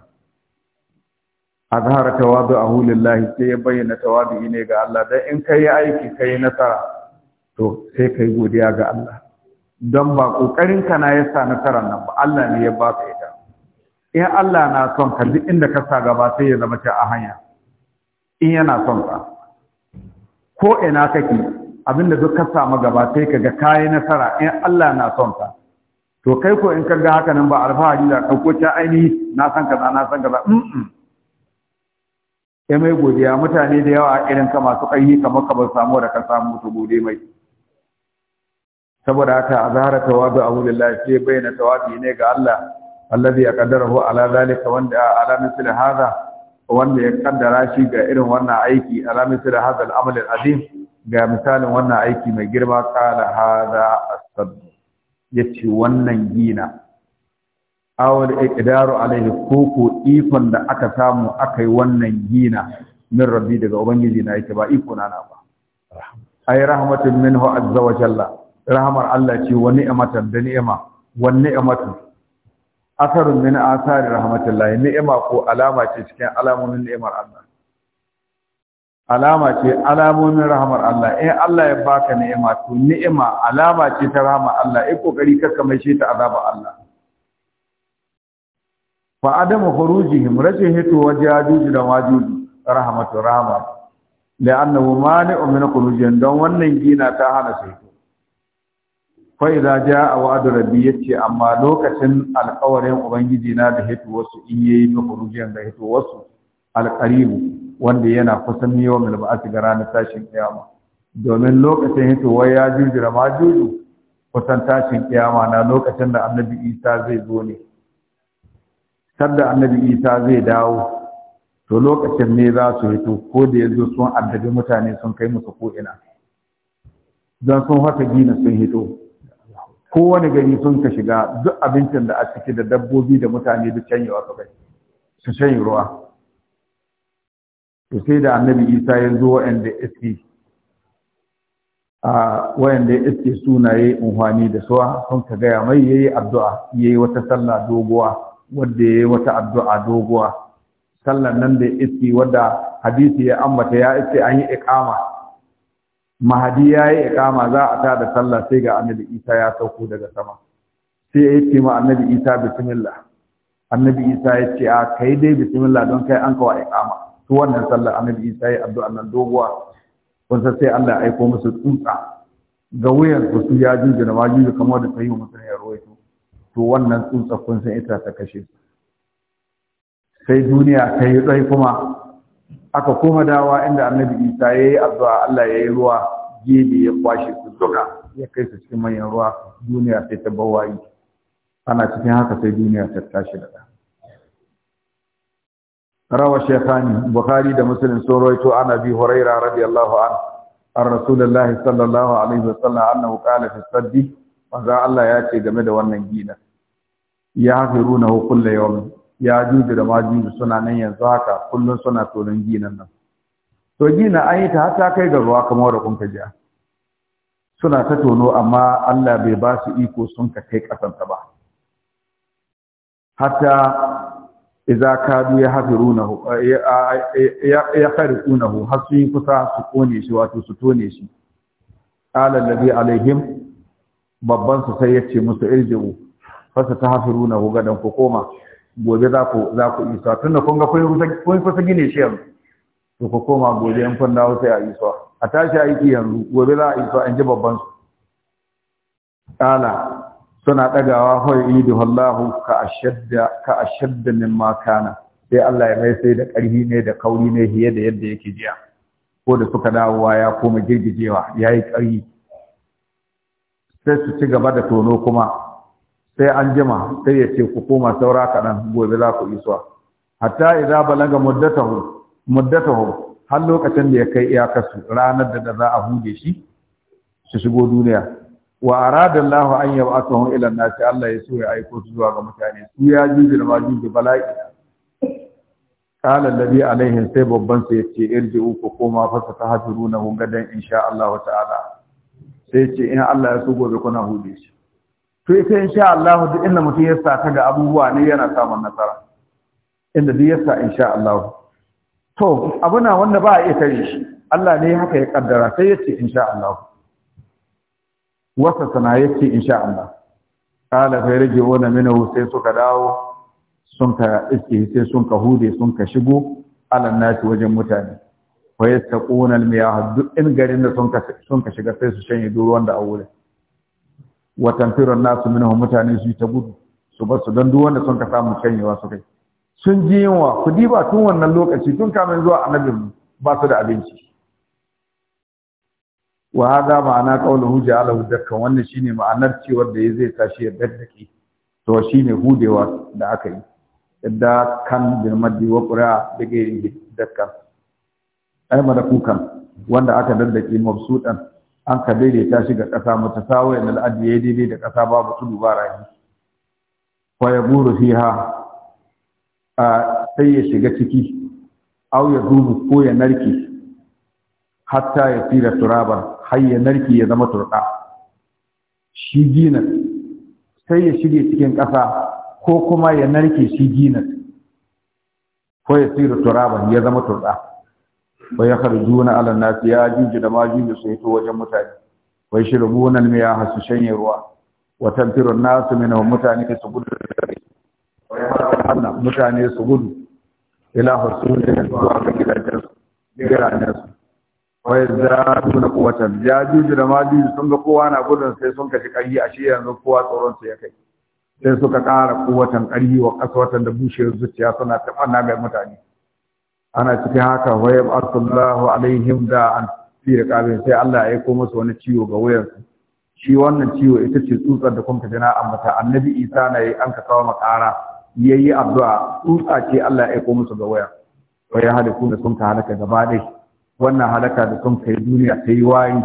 azhara tawadu'ahu lillahi sai ya bayyana tawadu'i ne ga Allah dan in kai aiki kai nasara to sai kai godiya ga Allah dan ba kokarin ka na yasa nasarar nan ba Allah ne ya baka ita in Allah na son ka duk inda ka sa gaba sai ya zama ta a hanya in yana son ka ko ina kake abinda duk ka samu gaba sai ka ga kai nasara in Allah na son ka to kai ko in ka ga haka nan ba alfahari da ko ta ainihi na san za, na san mm mm ya mai godiya mutane da yawa a irin ka masu ƙarfi kamar ka bar samu da ka samu to gode mai saboda haka a azhara tawadu a lillahi ya bayyana tawadu ne ga Allah alladhi yaqdaruhu ala zalika wanda ala misli hadha wanda ya kaddara shi ga irin wannan aiki ala misli hadha al-amal al-azim ga misalin wannan aiki mai girma kala hadha as-sabb yace wannan gina awal iqdaru alaihi koko ikon da aka samu aka yi wannan gina min rabbi daga ubangiji na yake ba iko na na ba ay rahmatun minhu azza wa jalla rahmar Allah ce wa ni'matan da ni'ima wa ni'matu asarun min asari rahmatullahi ni'ima ko alama ce cikin alamomin ni'imar Allah alama ce alamomin rahmar Allah in Allah ya baka ni'ima to ni'ima alama ce ta rahmar Allah ai kokari ka mai shi ta azaba Allah fa adamu khurujihim rashin hitowa da wajuji rahmatu rama", da annahu mani min khurujin don wannan gina ta hana saito. hito fa idza jaa wa'du rabbi yace amma lokacin alƙawarin ubangiji na da hitu wasu in yayi da khurujin da hitu wasu alqarib wanda yana kusan yawan wa ga ranar tashin kiyama domin lokacin hitowar ya juji da kusan tashin kiyama na lokacin da annabi isa zai zo ne sadda annabi isa zai dawo to lokacin ne za su hito ko da yanzu sun addabi mutane sun kai musu ko'ina don sun haka gina sun hito kowane gari sun ka shiga duk abincin da a ciki da dabbobi da mutane duk canyi su su canyi ruwa to sai da annabi isa ya zo wa'anda iske a wa'anda ya iske sunaye unhwani da suwa sun ka gaya mai yayi addu'a yayi wata sallah doguwa wadda ya yi wata addu'a doguwa sallan nan da iski wadda hadisi ya ambata ya iske an yi ikama. mahadi ya yi ikama za a da sallah sai ga annabi isa ya sauko daga sama sai ya ce ma annabi isa bismillah annabi isa ya ce a kai dai bismillah don kai an kawai ikama. Su wannan sallar annabi isa ya addu'a nan doguwa kun sai Allah ya aiko musu tsuntsa ga wuyan su ya juju da majuju kamar da sahihu musulmi ya rawaito to wannan tsuntsa kun san ita ta kashe su sai duniya ta yi tsaye kuma aka koma dawa inda annabi isa ya yi addu'a allah ya yi ruwa gebe ya kwashe su duka ya kai su cikin manyan ruwa duniya sai ta bawayi ana cikin haka sai duniya ta tashi da ɗan روى الشيخان بخاري da مسلم sun عن ابي Huraira رضي الله an عن رسول الله صلى الله عليه وسلم انه قال في manzo Allah ya ce game da wannan gina ya firu na kulla yawon ya juju da majuju suna nan yanzu haka kullum suna tonon ginan nan to gina an yi ta hata kai ga ruwa kamar da kunka suna ta tono amma Allah bai ba su iko sun ka kai ta ba hatta idza kadu ya hafirunahu ya khariqunahu har yi kusa su kone shi wato su tone shi qala alladhi alaihim babban su sai yace musu irji'u fasa ta hafi hafiru na gadon ko koma gobe za ku za ku isa tun da kun ga kun kusa gine shi yanzu to ko koma gobe 'yan kun dawo sai a isa a tashi aiki yanzu gobe za a isa an ji babban su kala suna dagawa hoy idu wallahu ka ashadda ka ashadda makana? sai Allah ya mai sai da ƙarfi ne da kauri ne fiye da yadda yake jiya ko da suka dawowa ya koma girgijewa ya yi ƙarfi sai su ci gaba da tono kuma sai an jima sai ya ce ku koma saura kaɗan gobe za ku isuwa hatta idan balaga muddatahu muddatahu har lokacin da ya kai iyakarsu ranar da za a huje shi su shigo duniya wa arada Allah an yab'athahu ila nasi Allah ya so ya aiko su zuwa ga mutane su ya juji da majuji bala'i qala alladhi alaihi sai babban sai yace irji'u ku koma fa satahjuruna gadan insha Allah ta'ala sai yace in Allah ya so gobe kuna huje shi to ita insha Allah duk inda mutum ya sa ta ga abubuwa ne yana samun nasara inda duk ya sa insha Allah to abu wanda ba a iya tare shi Allah ne haka ya kaddara sai yace insha Allah wasa sana yace insha Allah kala sai rage wannan minahu sai suka dawo sun ka iske sai sun ka hude sun ka shigo alan nasi wajen mutane wa yattaquna al duk in garin da sun ka sun ka shiga sai su shanye duk wanda da a wurin wa tanfiran nasu minhu mutane su ta gudu su bar su don duk sun ka samu canyewa su kai sun ji yunwa ku ba tun wannan lokaci tun kamin zuwa annabin ba su da abinci wa hada ma'ana qawluhu ja'alahu dakkan wannan shine ma'anar cewar da zai tashi ya daddake to shine hudewa da aka yi yadda kan bil maddi wa qura daga dakkan ai kukan, wanda aka daddake mabsudan an ka daidaita shi ga ƙasa mata sawayen al'adu ya daidai da ƙasa babu tudu ba rahi wa ya buru a sai ya shiga ciki au ya dubu ko ya narke hatta ya fi da turaba har ya narke ya zama turɗa shi gina sai ya shige cikin ƙasa ko kuma ya narke shi gina ko ya fi da turaba ya zama turɗa wa yakhrujuna ala an-nas ya juju da majuju su hito wajen mutane wa yashrubuna al-miyaha su shanye ruwa wa tanfiru an-nas minhum mutane su gudu wa yahrujuna mutane su gudu ila husulin wa gidajen gidajen su wai za su na kuwatan jajuju da majuju sun ga kowa na gudun sai sun kashi ƙarfi a shi yanzu kowa tsoron su ya kai sai suka ƙara kuwatan ƙarfi wa ƙasa watan da bushe zuciya suna taɓanna mai mutane ana cikin haka wayab arsallahu alaihim da an fi riqabin sai Allah ya aiko musu wani ciwo ga wayansu. shi wannan ciwo ita ce tsutsar da kuma tana ambata annabi Isa na yi an ka kawo makara yayi addu'a tsutsa ce Allah ya aiko musu ga wayar waya haliku da sun ka halaka gaba dai wannan halaka da sun kai duniya ta yi wayi.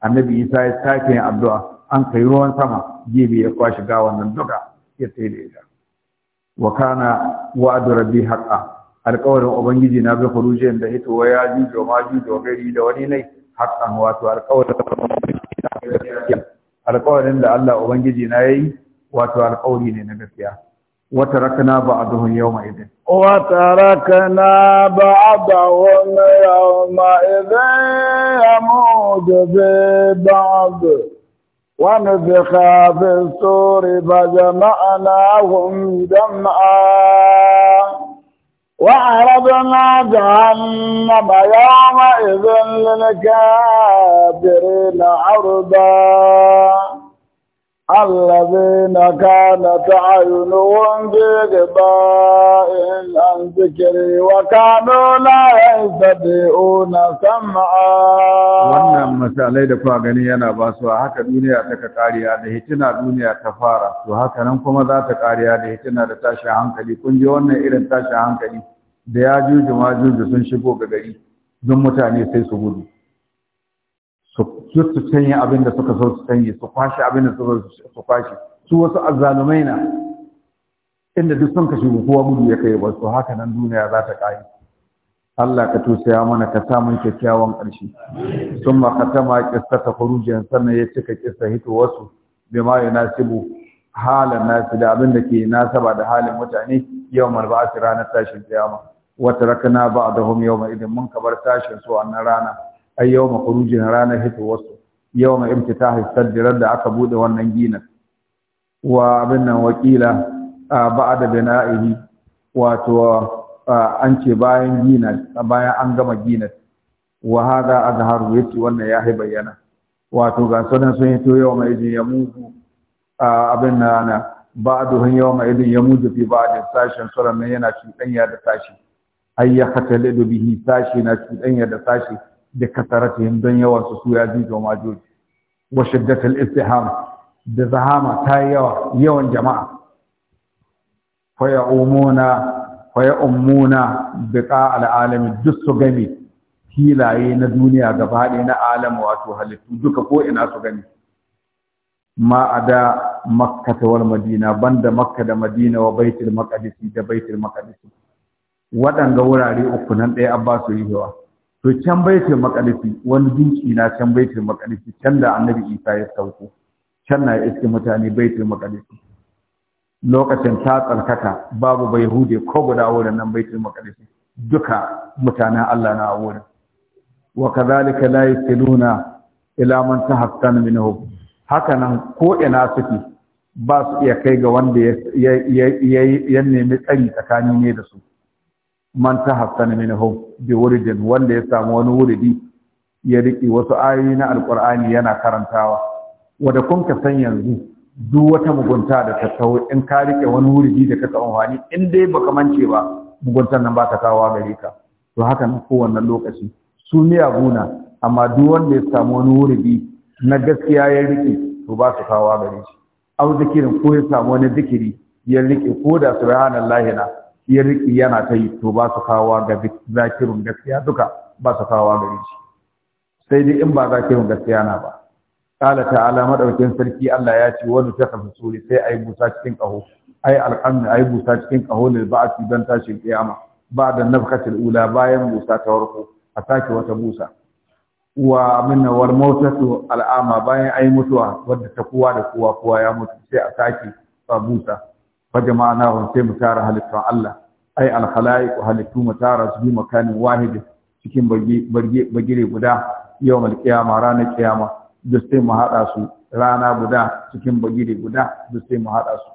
annabi Isa ya sake yin addu'a an kai ruwan sama jibi ya kwashi ga wannan duka ya tsere da ita wa kana wa'du rabbi haqqan alƙawarin ubangiji na bai hurujin da hito wa yaji da maji da gari da wani nai haƙan wato alƙawarin da Allah ubangiji na yayi wato alƙawari ne na gaskiya wata rakana ba a duhun yau ma'idin.
Wata rakana ba a duhun yau ma'idin ya mudu bi ba'adu. ونفخ في الصور فجمعناهم جمعا وعرضنا جهنم يومئذ للكافرين عرضا الذين كانت أعينهم في غباء عن ذكري وكانوا لا يستطيعون سمعا
wannan misalai da kuma gani yana ba su haka duniya ta ka kariya da hitina duniya ta fara to haka nan kuma za ta kariya da hitina da tashin hankali kun ji wannan irin tashin hankali da ya juju ma juju sun shigo ga gari don mutane sai su gudu su su canyi abin suka so su canyi su kwashe abin suka so su kwashe su wasu azzalumai na inda duk sun kashe kowa gudu ya kai wasu haka nan duniya za ta kayi Allah ka tusaya mana ka sa mun kyakkyawan ƙarshe sun ma ka tama kissa ta farujiyar sannan ya cika kissa hito wasu bima ya nasibu halin nasu da abin da ke nasaba da halin mutane yau malba'asi ranar tashin kiyama wata rakana ba da hum yau ma'idin mun kabar tashin su a rana ai yau ma kurujin ranar hito wasu yau ma imti ta haifar da aka buɗe wannan ginin wa abin nan wakila ba da bina'ihi wato an ce bayan gina bayan an gama gina wa hada azharu yace wannan ya hi bayyana wato ga sunan sun hito yau mai idin ya mutu abin na na ba'du hun yau mai idin ya mutu fi ba'd sashin suran nan yana cuɗanya da tashi. ay ya khatalidu bihi sashi na ya da sashi da yin don yawa su suya jijo majuj wa al istiham da zahama ta yawa yawan jama'a fa umuna fa bi al'alami duk su gami hilaye na duniya gaba da na alam wato halittu duka ko ina su gami ma ada makka wal madina banda makka da madina wa baitul maqdis da baitul maqdis waɗanga wurare uku nan ɗaya an ba su hewa to can ce makalifi wani binci na can ce makalifi can da annabi isa ya sauko can na iske mutane ce makalifi lokacin ta tsarkaka babu bai hude ko guda wurin nan ce makalifi duka mutanen Allah na wurin wa layi la nuna ila man tahaqqana minhu haka nan ko ina suke ba su iya kai ga wanda ya nemi tsari tsakani ne da su man hassan minhum bi wuridin wanda ya samu wani wuridi ya riki wasu ayoyi na alkur'ani yana karantawa wanda kun ka san yanzu duk wata mugunta da ta taho in ka rike wani wuridi da ka amfani in dai baka mance ba muguntan nan ba ta kawo gare ka to haka nan wannan lokaci su miyaguna amma duk wanda ya samu wani wuridi na gaskiya ya rike, to ba su kawo gare shi au zikirin ko ya samu wani zikiri ya rike, ko da subhanallahi na ya riƙi yana ta yi to ba su kawo ga zakirun gaskiya duka ba su kawo ga shi sai dai in ba zakirun gaskiya na ba ta Alama madaukin sarki Allah ya ce wani ta kafa suri sai ayi busa cikin kaho ai alqanna ayi busa cikin kaho ne ba a dan tashin kiyama ba da nafkatul ula bayan busa ta warko a sake wata busa wa minna wal mautatu al'ama bayan ayi mutuwa wadda ta kowa da kowa kowa ya mutu sai a sake ba busa fajma'nahum sai mu tara halittun Allah ai al-khalaiq halittu mu tara su bi makanin wahid cikin bagire guda yawmal qiyama ranar qiyama duk sai mu hada su rana guda cikin bagire guda duk sai mu hada su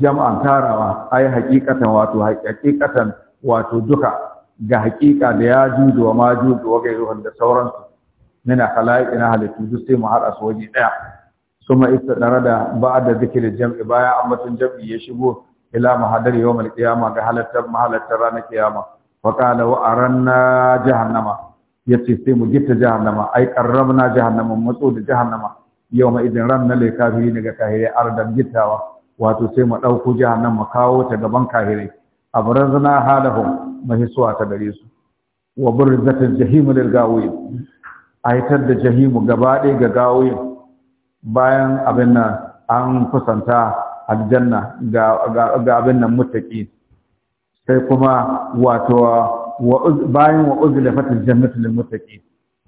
jama'an tarawa ai hakikatan wato hakikatan wato duka ga hakika da ya juju wa ma juju wa gairuhun da sauransu nuna khalaiq na halittu duk sai mu hada su waje daya suma istadara da ba'da zikir jam'i baya ammatun jam'i ya shigo ila mahadar yawmal qiyama ga halattar mahalattar ranar qiyama wa qala wa aranna jahannama yace sai mu gita jahannama ai jihar jahannama matso da jahannama yawma idan ranna lil kafirin ga kahire ardan gitawa wato sai mu dauko jahannama kawo ta gaban kahire abrazna halahum mahisuwa ta gare su wa burzatil jahim lil gawiyin aitar da jahimu gaba ɗaya ga gawiyin bayan abin nan an kusanta aljanna ga abin nan mutaki sai kuma wato bayan wa uzila fatil jannatu lil mutaki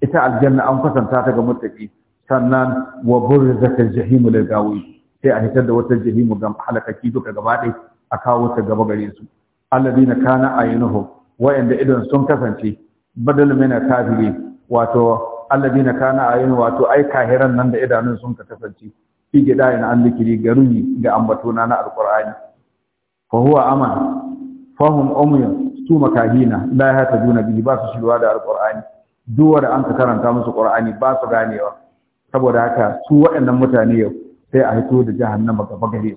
ita aljanna an kusanta ta ga mutaki sannan wa burzat al jahim lil gawi sai a hitar da wata jahimu ga halakaki duka gaba a kawo ta gaba gare su alladina kana ayinuhu wa'anda idan sun kasance badal mina kafiri wato na kana a yin wato ai kahiran nan da idanun sun ka kasance fi gida ina an zikiri garuni ga ambatona na alqur'ani fa huwa aman fahum umyun su makahina la juna bihi ba su shirwa da alqur'ani duwa da an ka karanta musu qur'ani ba su ganewa saboda haka su waɗannan mutane yau sai a hito da jahannama gaba gare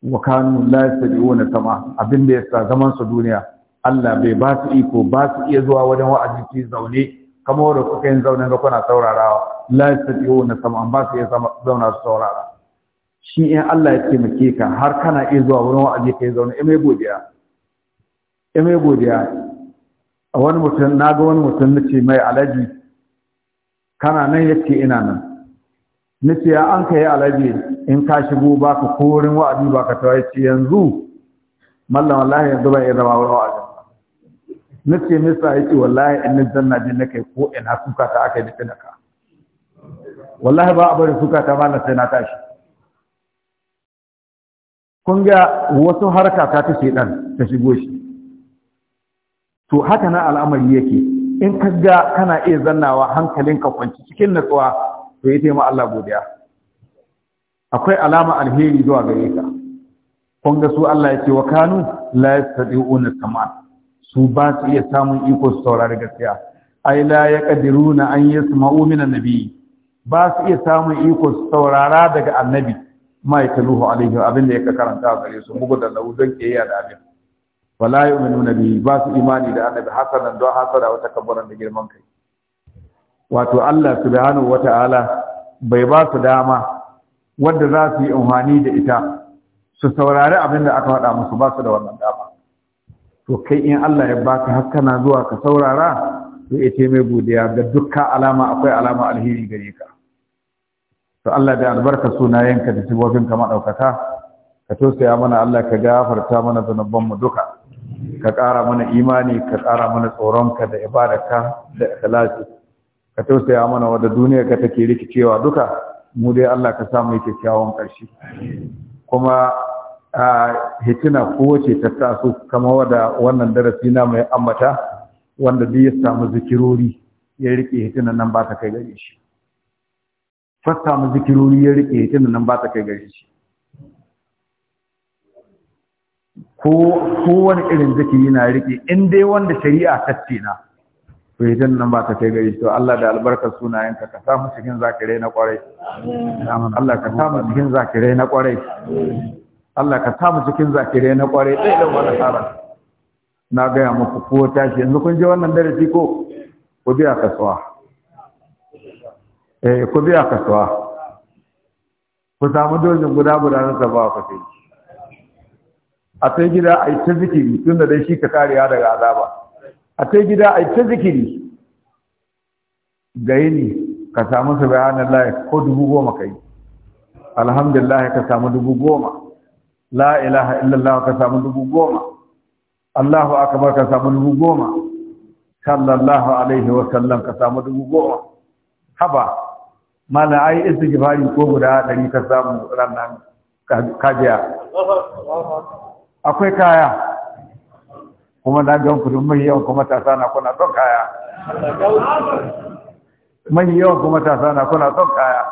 su wa kanu la yastadi'una sama abin abinda yasa zaman su duniya Allah bai ba su iko ba su iya zuwa wajen wa'azi su zaune kamar da kuka yin zaune ga kuna saurarawa la yastati'u na sama ba su iya zauna su saurara shi in Allah ya ce muke ka har kana iya zuwa wurin wa'azi yi zaune in mai godiya in mai godiya a wani mutum na ga wani mutum na ce mai alaji kana nan ya ce ina nan na ce ya an ka yi alaji in ka shigo ba ka ko wurin wa'azi ba ka tawaye ce yanzu mallam wallahi yanzu ba iya zama wurin wa'azi na ce misa ya ce wallahi in nan zanna jin na kai ko ina suka ta aka yi duka da ka wallahi ba a bari suka ta ba na sai na tashi kun ga wasu harka ta ta shedan ta shigo shi to haka na al'amari yake in ka ga kana iya zannawa hankalinka kwanci cikin natsuwa to ya taimaka Allah godiya akwai alama alheri zuwa gare ka kun ga su Allah ya ce wa kanu la yastadi'una samaa su ba su iya samun iko su saurari gaskiya ai la na an yi yasma'u min annabi ba su iya samun iko su saurara daga annabi mai taluhu alaihi abin da yake karanta a gare su bugu da lahu don kiyaya da abin wala yu'minuna bi ba su imani da annabi hasanan don hasada wata takabburan da girman kai wato Allah subhanahu wata'ala bai ba su dama wadda za su yi amfani da ita su saurari abin da aka faɗa musu ba su da wannan dama to kai in Allah ya baka har kana zuwa ka saurara to ce mai godiya ga dukka alama akwai alama alheri gare ka to Allah da albarka sunayenka da sibobin ka daukaka ka tosaya mana Allah ka gafarta mana zanubban mu duka ka ƙara mana imani ka ƙara mana ka da ibadarka da ikhlasi ka tausaya mana wadda duniyar ka take rikicewa duka mu dai Allah ka sa mu samu kyakkyawan ƙarshe kuma hitina kowace ta taso kama wada wannan darasi na mai ambata wanda zai samu zikirori ya rike hitina nan ba ta kai gare shi ta samu zikirori ya rike hitina nan ba ta kai gare shi ko kowane irin zikiri na rike in dai wanda shari'a ta ce na to hitin nan ba ta kai gari to Allah da albarkar sunayenka ka samu cikin zakirai na kwarai Allah ka samu cikin zakirai na kwarai Allah ka samu cikin zakirai na kwarai ɗaya da wani tsara na gaya muku ko tashi yanzu kun je wannan darasi ko ku biya kasuwa eh ku biya kasuwa ku samu dozin guda guda na saba ku sai a sai gida a yi ta zikiri tun da dai shi ka kariya daga azaba a sai gida a yi ta zikiri gayi ni ka samu layi ko dubu goma ka yi. alhamdulillah ka samu dubu goma la ilaha illallah ka samu dubu goma Allahu akbar ka samu dubu goma sallallahu alaihi wa sallam ka samu dubu goma haba mana ai istighfari ko guda dari ka samu ranan kajiya akwai kaya kuma na gan kudin mai yawan kuma ta sana kuna son kaya
mai yawan kuma ta sana kuna son
kaya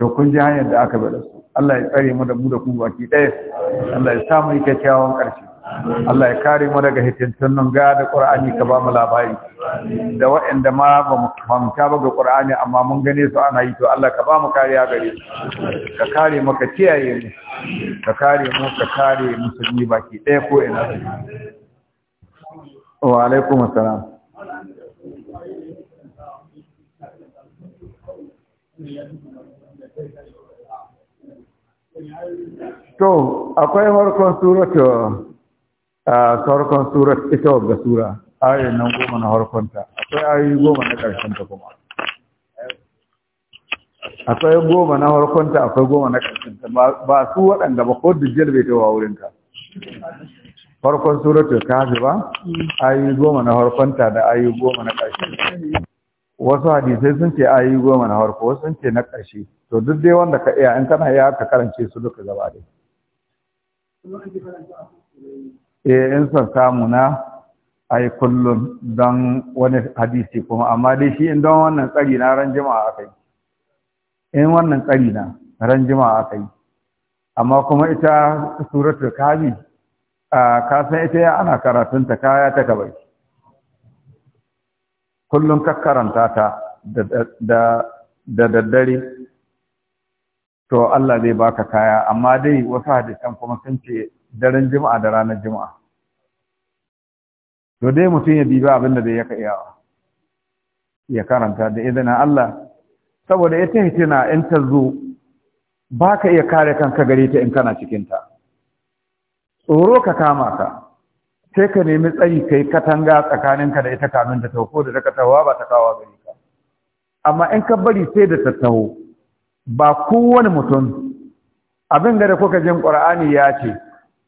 to kun ji hanyar da aka bada Allah ya tsare mu da mu da ku baki ɗaya Allah ya sa mu kyakkyawan ƙarshe Allah ya kare mu daga hitintun nan ga da Qur'ani ka ba mu labari da wa'anda ma ba mu fahimta ba ga Qur'ani amma mun gane su ana yi to Allah ka ba mu kariya gare su ka kare mu ka kiyaye mu ka kare mu ka kare musulmi baki ɗaya ko ina wa alaikum assalam Thank you. to akwai harkon suratu uh, a farkon surat ita wadda sura ayoyin nan goma na ta, akwai ayi goma na ƙarshenta kuma akwai goma na ta akwai goma na ƙarshenta ba su waɗanda ba ko dujjal bai ta wurinka farkon suratul kafi ba ayi goma na ta da ayi goma na ƙarshenta wasu hadisai sun ce ayi goma na farko wasu sun ce na ƙarshe to duk dai wanda ka iya in kana iya ka karance su duka gaba dai eh in san samu na ai kullum don wani hadisi kuma amma dai shi in don wannan tsari na ran jima'a akai in wannan tsari na ran jima'a akai amma kuma ita suratul kafi a kasan ita ana karatunta kaya ta gabai kullum ka karanta ta da daddare to Allah zai baka kaya amma dai wasu hadisan kuma sun ce daren jima'a da ranar jima'a. to dai mutum ya bibi abin da zai yaka iyawa ya karanta da izinin Allah saboda ita hitina in ta zo ba ka iya kare kanka gare ta in kana cikinta tsoro ka kama ka sai ka nemi tsayi kai katanga tsakaninka da ita kamin ta tauko da daga tawa ba ta kawo gari ka amma in ka bari sai da tattaho ba kowane mutum abin da kuka jin qur'ani ya ce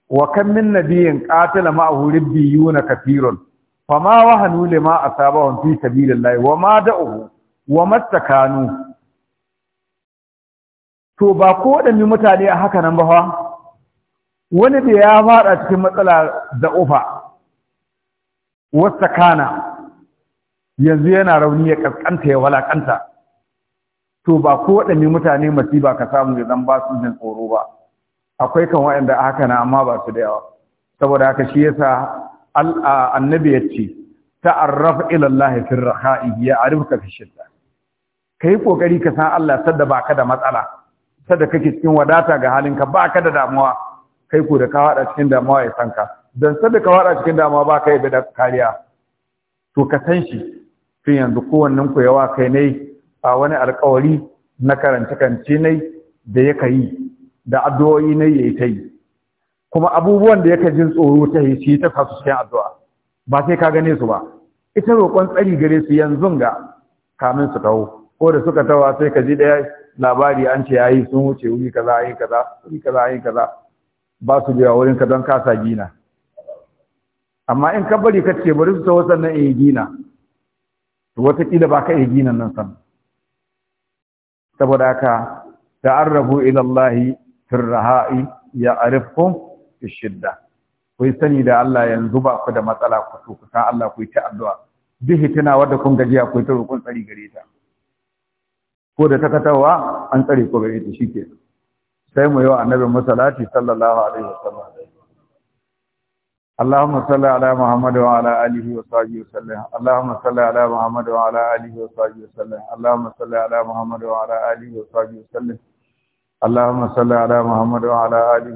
wa kam min nabiyyin qatala ma'ahu ribbiyuna kathirun fama wahanu lima asabahum fi sabilillahi wa ma da'uhu wa mattakanu to ba ko waɗanne mutane a haka nan ba fa wani da ya fada cikin matsala da ufa wasta kana yanzu yana rauni ya kaskanta ya walakanta to ba ko waɗanne mutane masiba ka samu da zan ba su jin tsoro ba akwai kan waɗanda haka na amma ba su da yawa saboda haka shi yasa annabi ya ce ta'arraf ila Allah fi rakhai arifka fi shidda kai kokari ka san Allah sadda baka da matsala sadda kake cikin wadata ga halinka baka da damuwa kai ku da ka wada cikin damuwa ya san ka dan sai ka wada cikin damuwa ba kai da kariya to ka san shi tun yanzu kowannen ku yawa kai ne a wani alƙawari na karance kance ne da ya kai da addu'o'i ne yayi ta yi kuma abubuwan da yake jin tsoro ta yi shi ta kasu cikin addu'a ba sai ka gane su ba ita roƙon tsari gare su yanzu ga kamin su kawo ko da suka tawa sai ka ji ɗaya labari an ce yayi sun wuce wuri kaza yayi kaza wuri kaza yayi kaza ba su biya wurin ka don kasa gina amma in ka bari ka ce bari su tawo sannan iya gina to wataƙila ba ka iya gina nan san saboda haka ta ila Allah fi ya arifkum fi shidda ku sani da Allah yanzu ba ku da matsala ku to ku san Allah ku yi ta addu'a duk hitina wadda kun gajiya ku yi ta roƙon tsari gare ta ko da takatawa an tsare ku gare ta shikenan sai mu yi wa annabi masalati sallallahu alaihi wasallam Allahumma salli ala Muhammad wa ala alihi wa sahbihi wa sallam Allahumma salli ala Muhammad wa ala alihi wa sahbihi wa sallam Allahumma salli ala Muhammad wa ala alihi wa sahbihi wa sallam Allahumma
salli ala Muhammad wa ala
alihi